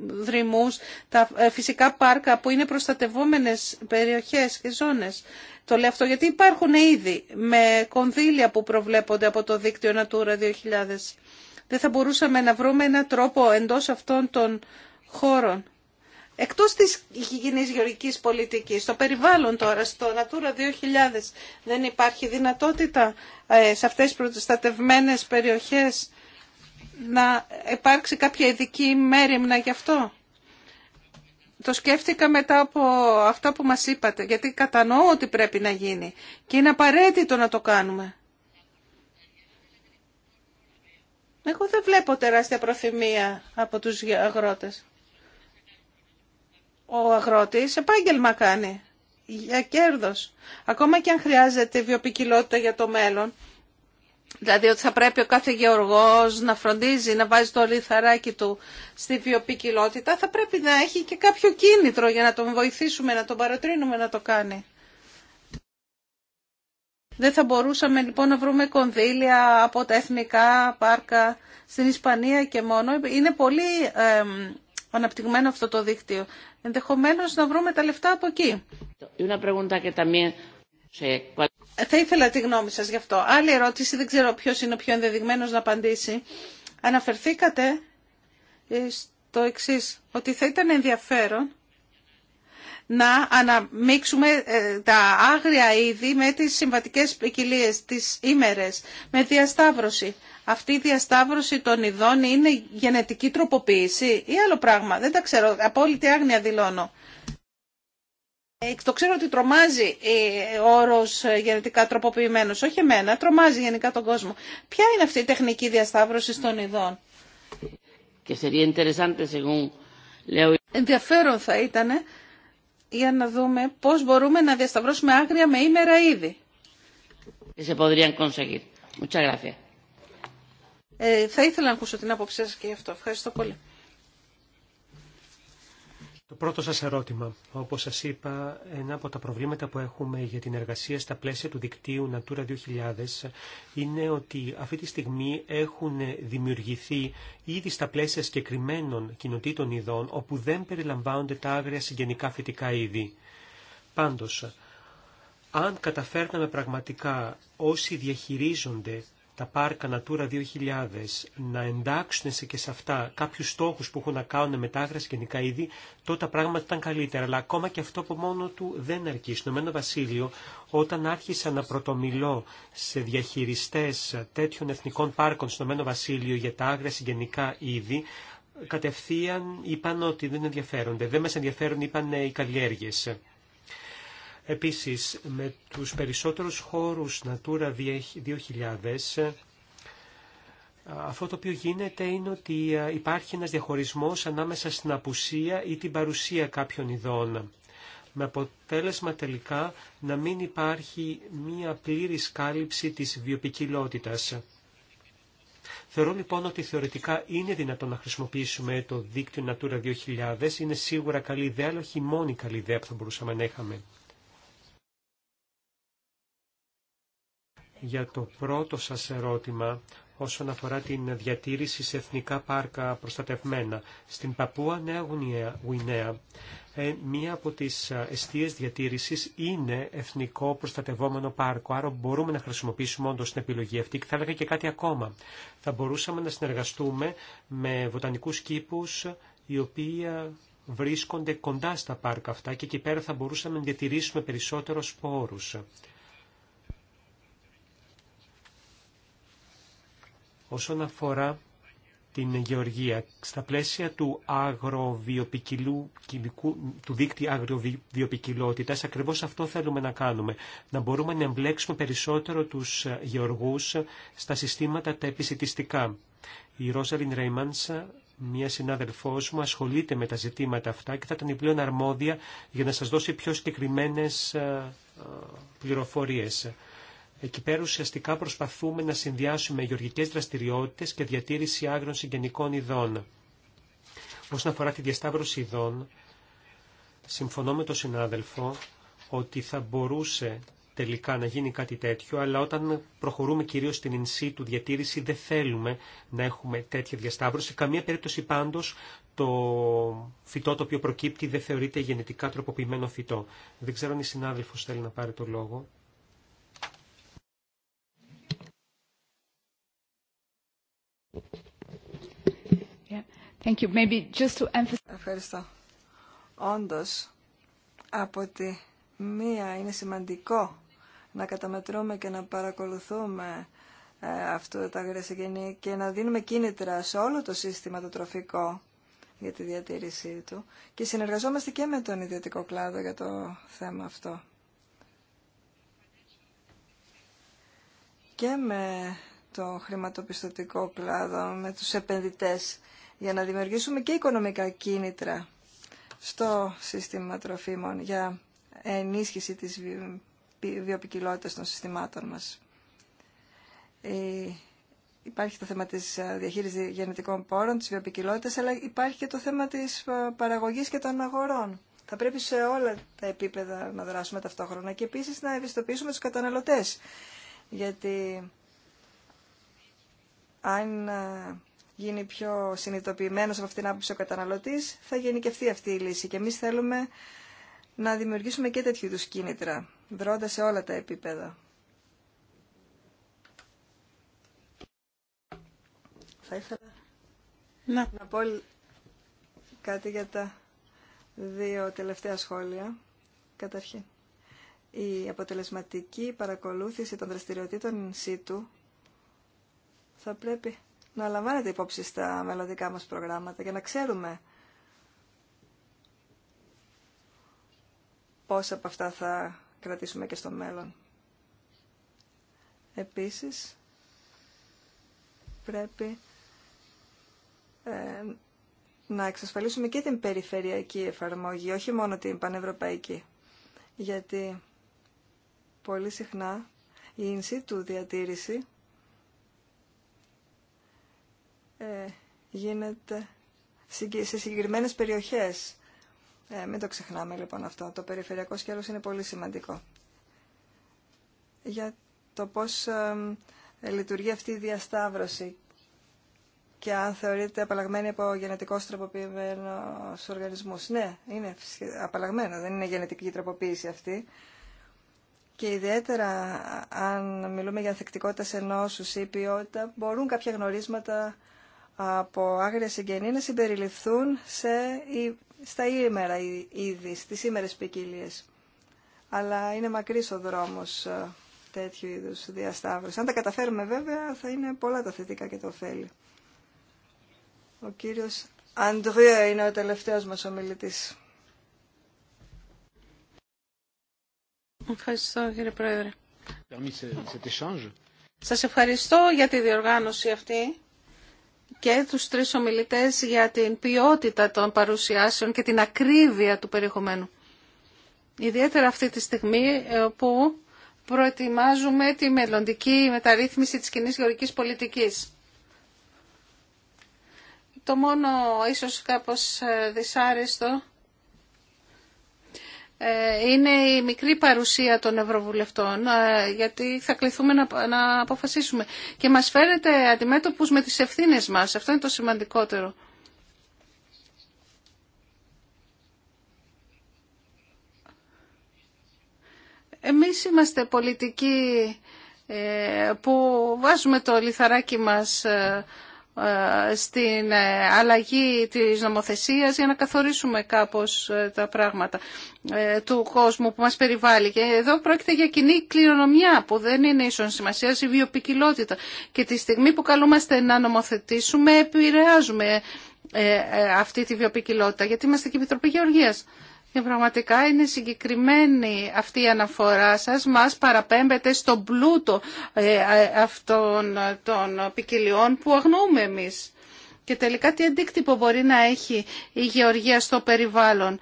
δρυμούς, τα ε, φυσικά πάρκα που είναι προστατευόμενες περιοχές και ζώνες. Το λέω αυτό γιατί υπάρχουν ήδη με κονδύλια που προβλέπονται από το δίκτυο Natura 2000. Δεν θα μπορούσαμε να βρούμε έναν τρόπο εντός αυτών των χώρων Εκτός της υγιεινής γεωργικής πολιτικής, στο περιβάλλον τώρα, στο Natura 2000, δεν υπάρχει δυνατότητα ε, σε αυτές τις προστατευμένες περιοχές να υπάρξει κάποια ειδική μέρημνα γι' αυτό. Το σκέφτηκα μετά από αυτά που μας είπατε, γιατί κατανοώ ότι πρέπει να γίνει και είναι απαραίτητο να το κάνουμε. Εγώ δεν βλέπω τεράστια προθυμία από τους αγρότες ο αγρότης επάγγελμα κάνει για κέρδος. Ακόμα και αν χρειάζεται βιοπικιλότητα για το μέλλον, δηλαδή ότι θα πρέπει ο κάθε γεωργός να φροντίζει, να βάζει το λιθαράκι του στη βιοπικιλότητα, θα πρέπει να έχει και κάποιο κίνητρο για να τον βοηθήσουμε, να τον παροτρύνουμε να το κάνει. Δεν θα μπορούσαμε λοιπόν να βρούμε κονδύλια από τα εθνικά πάρκα στην Ισπανία και μόνο. Είναι πολύ αναπτυγμένο αυτό το δίκτυο. Ενδεχομένως να βρούμε τα λεφτά από εκεί. Θα ήθελα τη γνώμη σας γι' αυτό. Άλλη ερώτηση, δεν ξέρω ποιος είναι ο πιο ενδεδειγμένος να απαντήσει. Αναφερθήκατε ε, στο εξής, ότι θα ήταν ενδιαφέρον να αναμίξουμε ε, τα άγρια είδη με τις συμβατικές ποικιλίε τις ήμερες, με διασταύρωση. Αυτή η διασταύρωση των ειδών είναι γενετική τροποποίηση ή άλλο πράγμα. Δεν τα ξέρω, απόλυτη άγνοια δηλώνω. Ε, το ξέρω ότι τρομάζει ε, ο όρος γενετικά τροποποιημένος, όχι εμένα, τρομάζει γενικά τον κόσμο. Ποια είναι αυτή η τεχνική διασταύρωση των ειδών. Ενδιαφέρον θα ήτανε για να δούμε πώς μπορούμε να διασταυρώσουμε άγρια με ήμερα ήδη. Ε, θα ήθελα να ακούσω την άποψή σας και γι' αυτό. Ευχαριστώ πολύ. Το πρώτο σας ερώτημα. Όπως σας είπα, ένα από τα προβλήματα που έχουμε για την εργασία στα πλαίσια του δικτύου Natura 2000 είναι ότι αυτή τη στιγμή έχουν δημιουργηθεί ήδη στα πλαίσια συγκεκριμένων κοινοτήτων ειδών όπου δεν περιλαμβάνονται τα άγρια συγγενικά φυτικά είδη. Πάντως, αν καταφέρναμε πραγματικά όσοι διαχειρίζονται τα πάρκα Natura 2000 να εντάξουν σε και σε αυτά κάποιους στόχους που έχουν να κάνουν με τα άγρια γενικά είδη, τότε τα πράγματα ήταν καλύτερα. Αλλά ακόμα και αυτό από μόνο του δεν αρκεί. Στο Μένο Βασίλειο, όταν άρχισα να πρωτομιλώ σε διαχειριστές τέτοιων εθνικών πάρκων στο Μένο Βασίλειο για τα άγρα γενικά είδη, κατευθείαν είπαν ότι δεν ενδιαφέρονται. Δεν μας ενδιαφέρουν, είπαν οι καλλιέργειες. Επίσης, με τους περισσότερους χώρους Natura 2000, αυτό το οποίο γίνεται είναι ότι υπάρχει ένας διαχωρισμός ανάμεσα στην απουσία ή την παρουσία κάποιων ειδών. Με αποτέλεσμα τελικά να μην υπάρχει μία πλήρη κάλυψη της βιοπικιλότητας. Θεωρώ λοιπόν ότι θεωρητικά είναι δυνατόν να χρησιμοποιήσουμε το δίκτυο Natura 2000. Είναι σίγουρα καλή ιδέα, αλλά όχι μόνη καλή ιδέα που θα μπορούσαμε να είχαμε. για το πρώτο σας ερώτημα όσον αφορά την διατήρηση σε εθνικά πάρκα προστατευμένα. Στην Παππούα Νέα Γουινέα, ε, μία από τις εστίες διατήρησης είναι εθνικό προστατευόμενο πάρκο, άρα μπορούμε να χρησιμοποιήσουμε όντως την επιλογή αυτή και θα έλεγα και κάτι ακόμα. Θα μπορούσαμε να συνεργαστούμε με βοτανικούς κήπους οι οποίοι ε, βρίσκονται κοντά στα πάρκα αυτά και εκεί πέρα θα μπορούσαμε να διατηρήσουμε περισσότερο σπόρους. όσον αφορά την γεωργία. Στα πλαίσια του, του δίκτυα αγροβιοπικιλότητας, ακριβώς αυτό θέλουμε να κάνουμε. Να μπορούμε να εμπλέξουμε περισσότερο τους γεωργούς στα συστήματα τα επισητιστικά. Η Ρόζαλιν Ρέιμαντς, μία συνάδελφός μου, ασχολείται με τα ζητήματα αυτά και θα ήταν η πλέον αρμόδια για να σας δώσει πιο συγκεκριμένε ε, ε, πληροφορίες. Εκεί πέρα ουσιαστικά προσπαθούμε να συνδυάσουμε γεωργικές δραστηριότητες και διατήρηση άγρων συγγενικών ειδών. Όσον αφορά τη διασταύρωση ειδών, συμφωνώ με τον συνάδελφο ότι θα μπορούσε τελικά να γίνει κάτι τέτοιο, αλλά όταν προχωρούμε κυρίως στην ενσύ του διατήρηση δεν θέλουμε να έχουμε τέτοια διασταύρωση. Καμία περίπτωση πάντως το φυτό το οποίο προκύπτει δεν θεωρείται γενετικά τροποποιημένο φυτό. Δεν ξέρω αν η συνάδελφος θέλει να πάρει το λόγο. Thank Ευχαριστώ. Όντως, από τη μία είναι σημαντικό να καταμετρούμε και να παρακολουθούμε ε, αυτό το γρασιγενή και να δίνουμε κίνητρα σε όλο το σύστημα το τροφικό για τη διατήρησή του και συνεργαζόμαστε και με τον ιδιωτικό κλάδο για το θέμα αυτό. Και με το χρηματοπιστωτικό κλάδο, με τους επενδυτές, για να δημιουργήσουμε και οικονομικά κίνητρα στο σύστημα τροφίμων για ενίσχυση της βιοπικιλότητας των συστημάτων μας. Ε, υπάρχει το θέμα της ε, διαχείρισης γενετικών πόρων, της βιοπικιλότητας, αλλά υπάρχει και το θέμα της ε, παραγωγής και των αγορών. Θα πρέπει σε όλα τα επίπεδα να δράσουμε ταυτόχρονα και επίσης να ευαισθητοποιήσουμε τους καταναλωτές. Γιατί αν ε, γίνει πιο συνειδητοποιημένος από αυτήν την άποψη ο καταναλωτής, θα γενικευτεί αυτή η λύση. Και εμείς θέλουμε να δημιουργήσουμε και τέτοιου είδους κίνητρα, δρώντας σε όλα τα επίπεδα. Θα ήθελα να, να πω κάτι για τα δύο τελευταία σχόλια. Καταρχήν, η αποτελεσματική παρακολούθηση των δραστηριοτήτων ΣΥΤΟΥ θα πρέπει να λαμβάνετε υπόψη στα μελλοντικά μας προγράμματα για να ξέρουμε πόσα από αυτά θα κρατήσουμε και στο μέλλον. Επίσης, πρέπει ε, να εξασφαλίσουμε και την περιφερειακή εφαρμογή, όχι μόνο την πανευρωπαϊκή. Γιατί πολύ συχνά η ίνση του διατήρηση ε, γίνεται σε συγκεκριμένες περιοχές. Ε, μην το ξεχνάμε λοιπόν αυτό. Το περιφερειακό σκέλος είναι πολύ σημαντικό. Για το πώς λειτουργεί αυτή η διασταύρωση και αν θεωρείται απαλλαγμένη από γενετικό τροποποιημένο οργανισμούς. Ναι, είναι απαλλαγμένο, δεν είναι γενετική τροποποίηση αυτή. Και ιδιαίτερα αν μιλούμε για ανθεκτικότητα σε νόσους ή ποιότητα, μπορούν κάποια γνωρίσματα από άγρια συγγενή να συμπεριληφθούν σε, στα ήμερα είδη, στις ήμερες ποικιλίε. Αλλά είναι μακρύς ο δρόμος ε, τέτοιου είδους διασταύρωση. Αν τα καταφέρουμε βέβαια θα είναι πολλά τα θετικά και το ωφέλη. Ο κύριος Αντριέ είναι ο τελευταίος μας ομιλητής. Ευχαριστώ κύριε Πρόεδρε. Euh, Σας ευχαριστώ για τη διοργάνωση αυτή και τους τρεις ομιλητές για την ποιότητα των παρουσιάσεων και την ακρίβεια του περιεχομένου. Ιδιαίτερα αυτή τη στιγμή ε, που προετοιμάζουμε τη μελλοντική μεταρρύθμιση της κοινή γεωργικής πολιτικής. Το μόνο ίσως κάπως ε, δυσάρεστο ε, είναι η μικρή παρουσία των Ευρωβουλευτών, ε, γιατί θα κληθούμε να αποφασίσουμε. Και μας φέρετε αντιμέτωπους με τις ευθύνες μας. Αυτό είναι το σημαντικότερο. Εμείς είμαστε πολιτικοί ε, που βάζουμε το λιθαράκι μας ε, στην ε, αλλαγή της νομοθεσίας για να καθορίσουμε κάπως ε, τα πράγματα του κόσμου που μας περιβάλλει. Και εδώ πρόκειται για κοινή κληρονομιά που δεν είναι ίσον σημασία η βιοπικιλότητα. Και τη στιγμή που καλούμαστε να νομοθετήσουμε επηρεάζουμε αυτή τη βιοπικιλότητα γιατί είμαστε και η Επιτροπή Γεωργίας. Και ε, πραγματικά είναι συγκεκριμένη αυτή η αναφορά σας. Μας παραπέμπεται στον πλούτο ε, ε, αυτών των ποικιλιών που αγνοούμε εμείς. Και τελικά τι αντίκτυπο μπορεί να έχει η γεωργία στο περιβάλλον.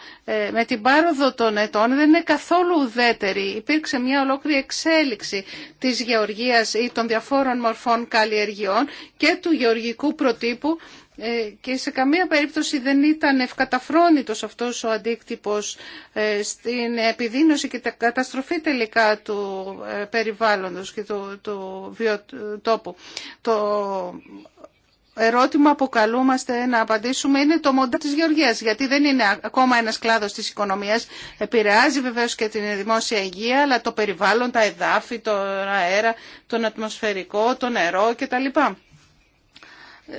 με την πάροδο των ετών δεν είναι καθόλου ουδέτερη. Υπήρξε μια ολόκληρη εξέλιξη της γεωργίας ή των διαφόρων μορφών καλλιεργιών και του γεωργικού προτύπου ε, και σε καμία περίπτωση δεν ήταν ευκαταφρόνητος αυτός ο αντίκτυπος ε, στην επιδείνωση και τα καταστροφή τελικά του ε, περιβάλλοντος και του, του βιοτόπου. Το ερώτημα που καλούμαστε να απαντήσουμε είναι το μοντά της γεωργίας, γιατί δεν είναι ακόμα ένας κλάδος της οικονομίας. Επηρεάζει βεβαίως και την δημόσια υγεία, αλλά το περιβάλλον, τα εδάφη, τον αέρα, τον ατμοσφαιρικό, το νερό κτλ.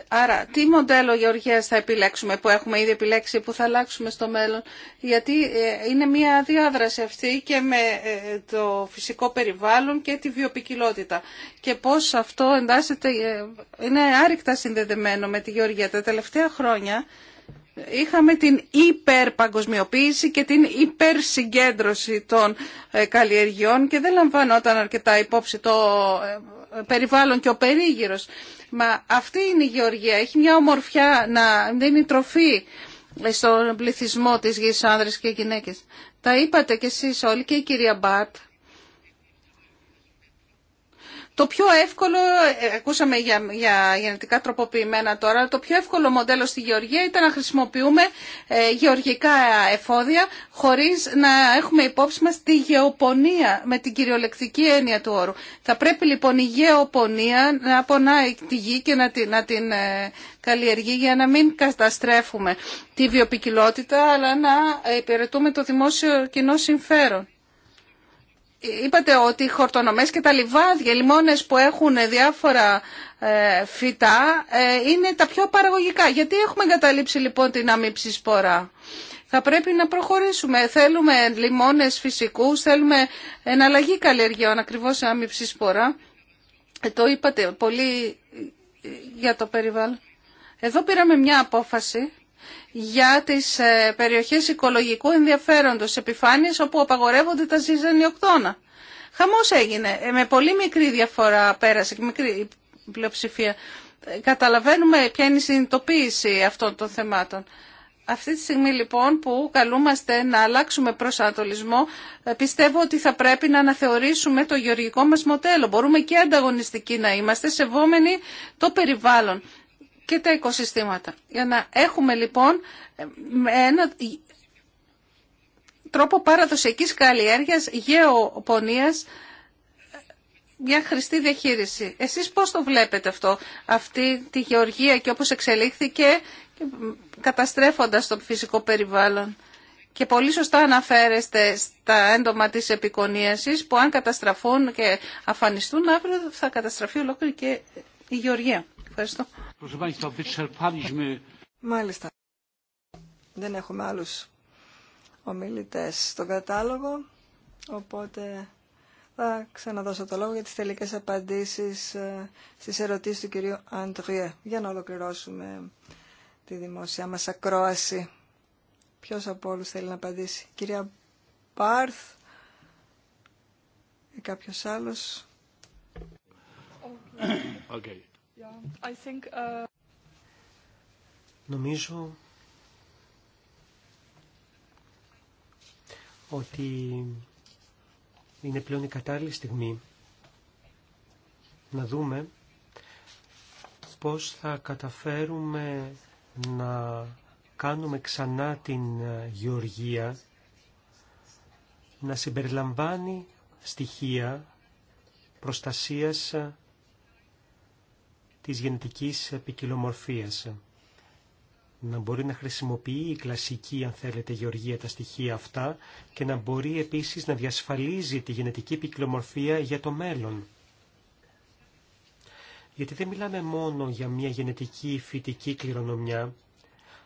Άρα, τι μοντέλο γεωργίας θα επιλέξουμε που έχουμε ήδη επιλέξει, που θα αλλάξουμε στο μέλλον, γιατί ε, είναι μια διάδραση αυτή και με ε, το φυσικό περιβάλλον και τη βιοπικιλότητα. Και πώς αυτό εντάσσεται, ε, είναι άρρηκτα συνδεδεμένο με τη γεωργία. Τα τελευταία χρόνια είχαμε την υπερπαγκοσμιοποίηση και την υπερσυγκέντρωση των ε, καλλιεργειών και δεν λαμβανόταν αρκετά υπόψη το ε, περιβάλλον και ο περίγυρος. Μα αυτή είναι η γεωργία, έχει μια ομορφιά να δίνει τροφή ε, στον πληθυσμό της γης άνδρες και γυναίκες. Τα είπατε κι εσείς όλοι και η κυρία Μπάρτ το πιο εύκολο, ε, ακούσαμε για, για γενετικά τροποποιημένα τώρα, το πιο εύκολο μοντέλο στη γεωργία ήταν να χρησιμοποιούμε ε, γεωργικά εφόδια χωρίς να έχουμε υπόψη μας τη γεωπονία με την κυριολεκτική έννοια του όρου. Θα πρέπει λοιπόν η γεωπονία να πονάει τη γη και να την, να την ε, καλλιεργεί για να μην καταστρέφουμε τη βιοπικιλότητα αλλά να υπηρετούμε το δημόσιο κοινό συμφέρον. Είπατε ότι οι χορτονομές και τα λιβάδια, οι λιμόνες που έχουν διάφορα ε, φυτά ε, είναι τα πιο παραγωγικά. Γιατί έχουμε εγκαταλείψει λοιπόν την αμύψη σπορά. Θα πρέπει να προχωρήσουμε. Θέλουμε λιμόνες φυσικούς, θέλουμε εναλλαγή καλλιεργειών ακριβώς σε αμύψη σπορά. Ε, το είπατε πολύ για το περιβάλλον. Εδώ πήραμε μια απόφαση για τις ε, περιοχές οικολογικού ενδιαφέροντος επιφάνειες όπου απαγορεύονται τα ζυζανιοκτώνα. Χαμός έγινε. Ε, με πολύ μικρή διαφορά πέρασε και μικρή πλειοψηφία. Ε, καταλαβαίνουμε ποια είναι η συνειδητοποίηση αυτών των θεμάτων. Αυτή τη στιγμή λοιπόν που καλούμαστε να αλλάξουμε προσανατολισμό, πιστεύω ότι θα πρέπει να αναθεωρήσουμε το γεωργικό μας μοντέλο. Μπορούμε και ανταγωνιστικοί να είμαστε, σεβόμενοι το περιβάλλον και τα οικοσυστήματα. Για να έχουμε λοιπόν ένα τρόπο παραδοσιακής καλλιέργειας, γεωπονίας, μια χρηστή διαχείριση. Εσείς πώς το βλέπετε αυτό, αυτή τη γεωργία και όπως εξελίχθηκε καταστρέφοντας το φυσικό περιβάλλον. Και πολύ σωστά αναφέρεστε στα έντομα της επικονίασης που αν καταστραφούν και αφανιστούν αύριο θα καταστραφεί ολόκληρη και η γεωργία. Ευχαριστώ. Μάλιστα. Δεν έχουμε άλλους ομιλητέ στον κατάλογο, οπότε θα ξαναδώσω το λόγο για τι τελικέ απαντήσει ε, στι ερωτήσει του κυρίου Αντριέ, για να ολοκληρώσουμε τη δημόσια μας ακρόαση. Ποιο από όλου θέλει να απαντήσει. Κυρία Πάρθ ή κάποιο άλλο. Okay. Uh, Νομίζω ότι είναι πλέον η κατάλληλη στιγμή να δούμε πώς θα καταφέρουμε να κάνουμε ξανά την ε, γεωργία να συμπεριλαμβάνει στοιχεία προστασίας ε, της γενετικής ποικιλομορφίας. Να μπορεί να χρησιμοποιεί η κλασική, αν θέλετε, γεωργία τα στοιχεία αυτά και να μπορεί επίσης να διασφαλίζει τη γενετική ποικιλομορφία για το μέλλον. Γιατί δεν μιλάμε μόνο για μια γενετική φυτική κληρονομιά,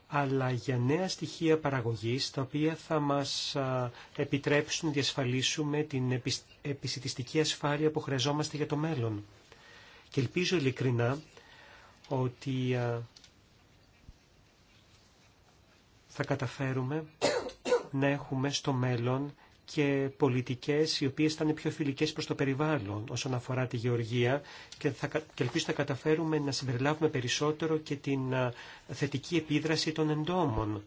αλλά για νέα στοιχεία παραγωγής, τα οποία θα μας επιτρέψουν να διασφαλίσουμε την επισητιστική ασφάλεια που χρειαζόμαστε για το μέλλον. Και ελπίζω ειλικρινά ότι θα καταφέρουμε να έχουμε στο μέλλον και πολιτικές οι οποίες θα είναι πιο φιλικές προς το περιβάλλον όσον αφορά τη γεωργία και, θα, και ελπίζω να καταφέρουμε να συμπεριλάβουμε περισσότερο και την θετική επίδραση των εντόμων.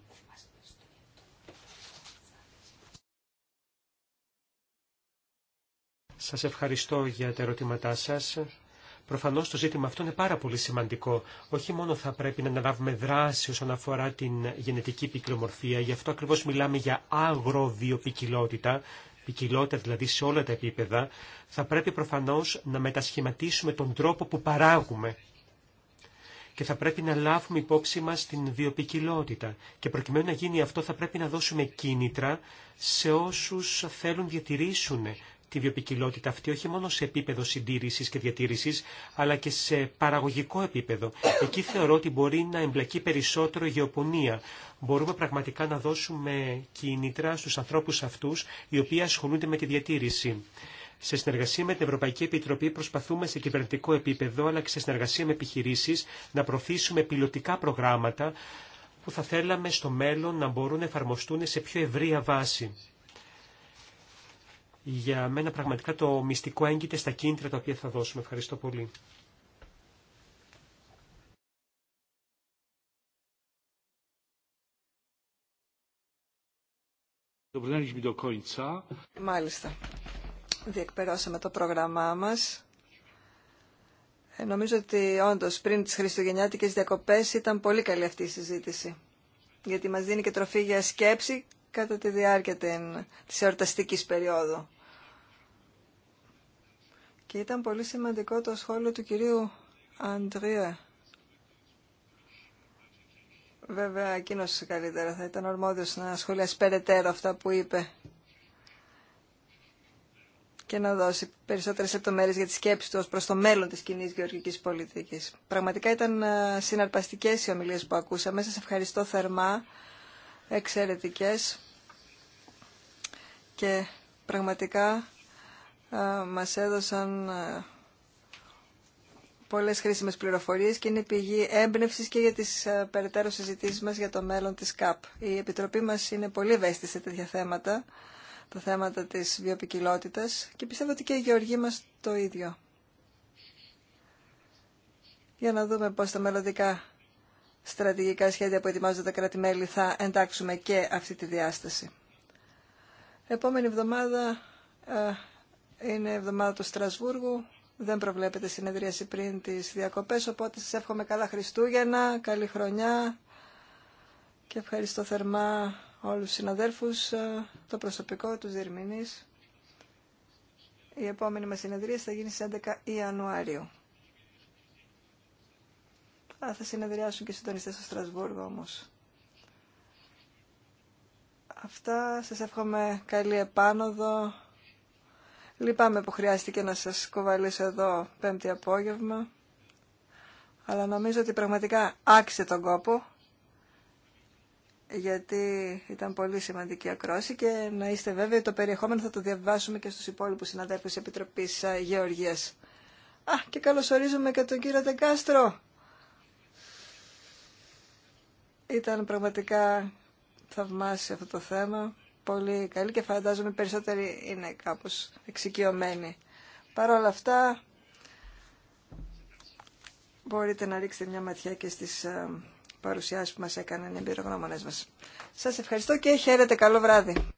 Σας ευχαριστώ για τα ερωτήματά σας. Προφανώς το ζήτημα αυτό είναι πάρα πολύ σημαντικό. Όχι μόνο θα πρέπει να αναλάβουμε δράση όσον αφορά την γενετική ποικιλομορφία, γι' αυτό ακριβώς μιλάμε για αγροβιοπικιλότητα, ποικιλότητα δηλαδή σε όλα τα επίπεδα, θα πρέπει προφανώς να μετασχηματίσουμε τον τρόπο που παράγουμε και θα πρέπει να λάβουμε υπόψη μας την διοπικιλότητα. Και προκειμένου να γίνει αυτό θα πρέπει να δώσουμε κίνητρα σε όσους θέλουν διατηρήσουν τη βιοπικιλότητα αυτή όχι μόνο σε επίπεδο συντήρησης και διατήρησης, αλλά και σε παραγωγικό επίπεδο. Εκεί θεωρώ ότι μπορεί να εμπλακεί περισσότερο η γεωπονία. Μπορούμε πραγματικά να δώσουμε κίνητρα στους ανθρώπους αυτούς, οι οποίοι ασχολούνται με τη διατήρηση. Σε συνεργασία με την Ευρωπαϊκή Επιτροπή προσπαθούμε σε κυβερνητικό επίπεδο, αλλά και σε συνεργασία με επιχειρήσεις, να προωθήσουμε πιλωτικά προγράμματα, που θα θέλαμε στο μέλλον να μπορούν να εφαρμοστούν σε πιο ευρία βάση για μένα πραγματικά το μυστικό έγκυται στα κίνητρα τα οποία θα δώσουμε. Ευχαριστώ πολύ. Μάλιστα. Διεκπερώσαμε το πρόγραμμά μας. Ε, νομίζω ότι όντως πριν τις χριστουγεννιάτικες διακοπές ήταν πολύ καλή αυτή η συζήτηση. Γιατί μας δίνει και τροφή για σκέψη κατά τη διάρκεια της εορταστικής περίοδου. Και ήταν πολύ σημαντικό το σχόλιο του κυρίου Αντρία. Βέβαια, εκείνο καλύτερα θα ήταν ορμόδιο να σχολιάσει περαιτέρω αυτά που είπε και να δώσει περισσότερε λεπτομέρειε για τη σκέψη του ω προ το μέλλον τη κοινή γεωργική πολιτική. Πραγματικά ήταν ε, συναρπαστικέ οι ομιλίε που ακούσαμε. Σα ευχαριστώ θερμά εξαιρετικές και πραγματικά ε, μας έδωσαν ε, πολλές χρήσιμες πληροφορίες και είναι πηγή έμπνευσης και για τις ε, περαιτέρω συζητήσεις μας για το μέλλον της ΚΑΠ. Η Επιτροπή μας είναι πολύ ευαίσθητη σε τέτοια θέματα, τα θέματα της βιοπικιλότητας και πιστεύω ότι και η Γεωργή μας το ίδιο. Για να δούμε πώς τα μελλοντικά στρατηγικά σχέδια που ετοιμάζονται τα κράτη-μέλη θα εντάξουμε και αυτή τη διάσταση. Επόμενη εβδομάδα ε, είναι εβδομάδα του Στρασβούργου. Δεν προβλέπεται συνεδρίαση πριν τις διακοπές, οπότε σας εύχομαι καλά Χριστούγεννα, καλή χρονιά και ευχαριστώ θερμά όλους τους συναδέλφους, ε, το προσωπικό, τους διερμηνείς. Η επόμενη μας συνεδρία θα γίνει στις 11 Ιανουάριου. Α, θα συνεδριάσουν και οι συντονιστές στο Στρασβούργο όμως. Αυτά, σας εύχομαι καλή επάνωδο. Λυπάμαι που χρειάστηκε να σας κουβαλήσω εδώ πέμπτη απόγευμα. Αλλά νομίζω ότι πραγματικά άξιζε τον κόπο γιατί ήταν πολύ σημαντική ακρόση και να είστε βέβαιοι το περιεχόμενο θα το διαβάσουμε και στους υπόλοιπους συναδέλφους της Επιτροπής ε, Γεωργίας. Α, και καλωσορίζουμε και τον κύριο Τεγκάστρο ήταν πραγματικά θαυμάσιο αυτό το θέμα. Πολύ καλή και φαντάζομαι περισσότεροι είναι κάπως εξοικειωμένοι. Παρ' όλα αυτά, μπορείτε να ρίξετε μια ματιά και στις ε, παρουσιάσεις που μας έκαναν οι εμπειρογνώμονες μας. Σας ευχαριστώ και χαίρετε. Καλό βράδυ.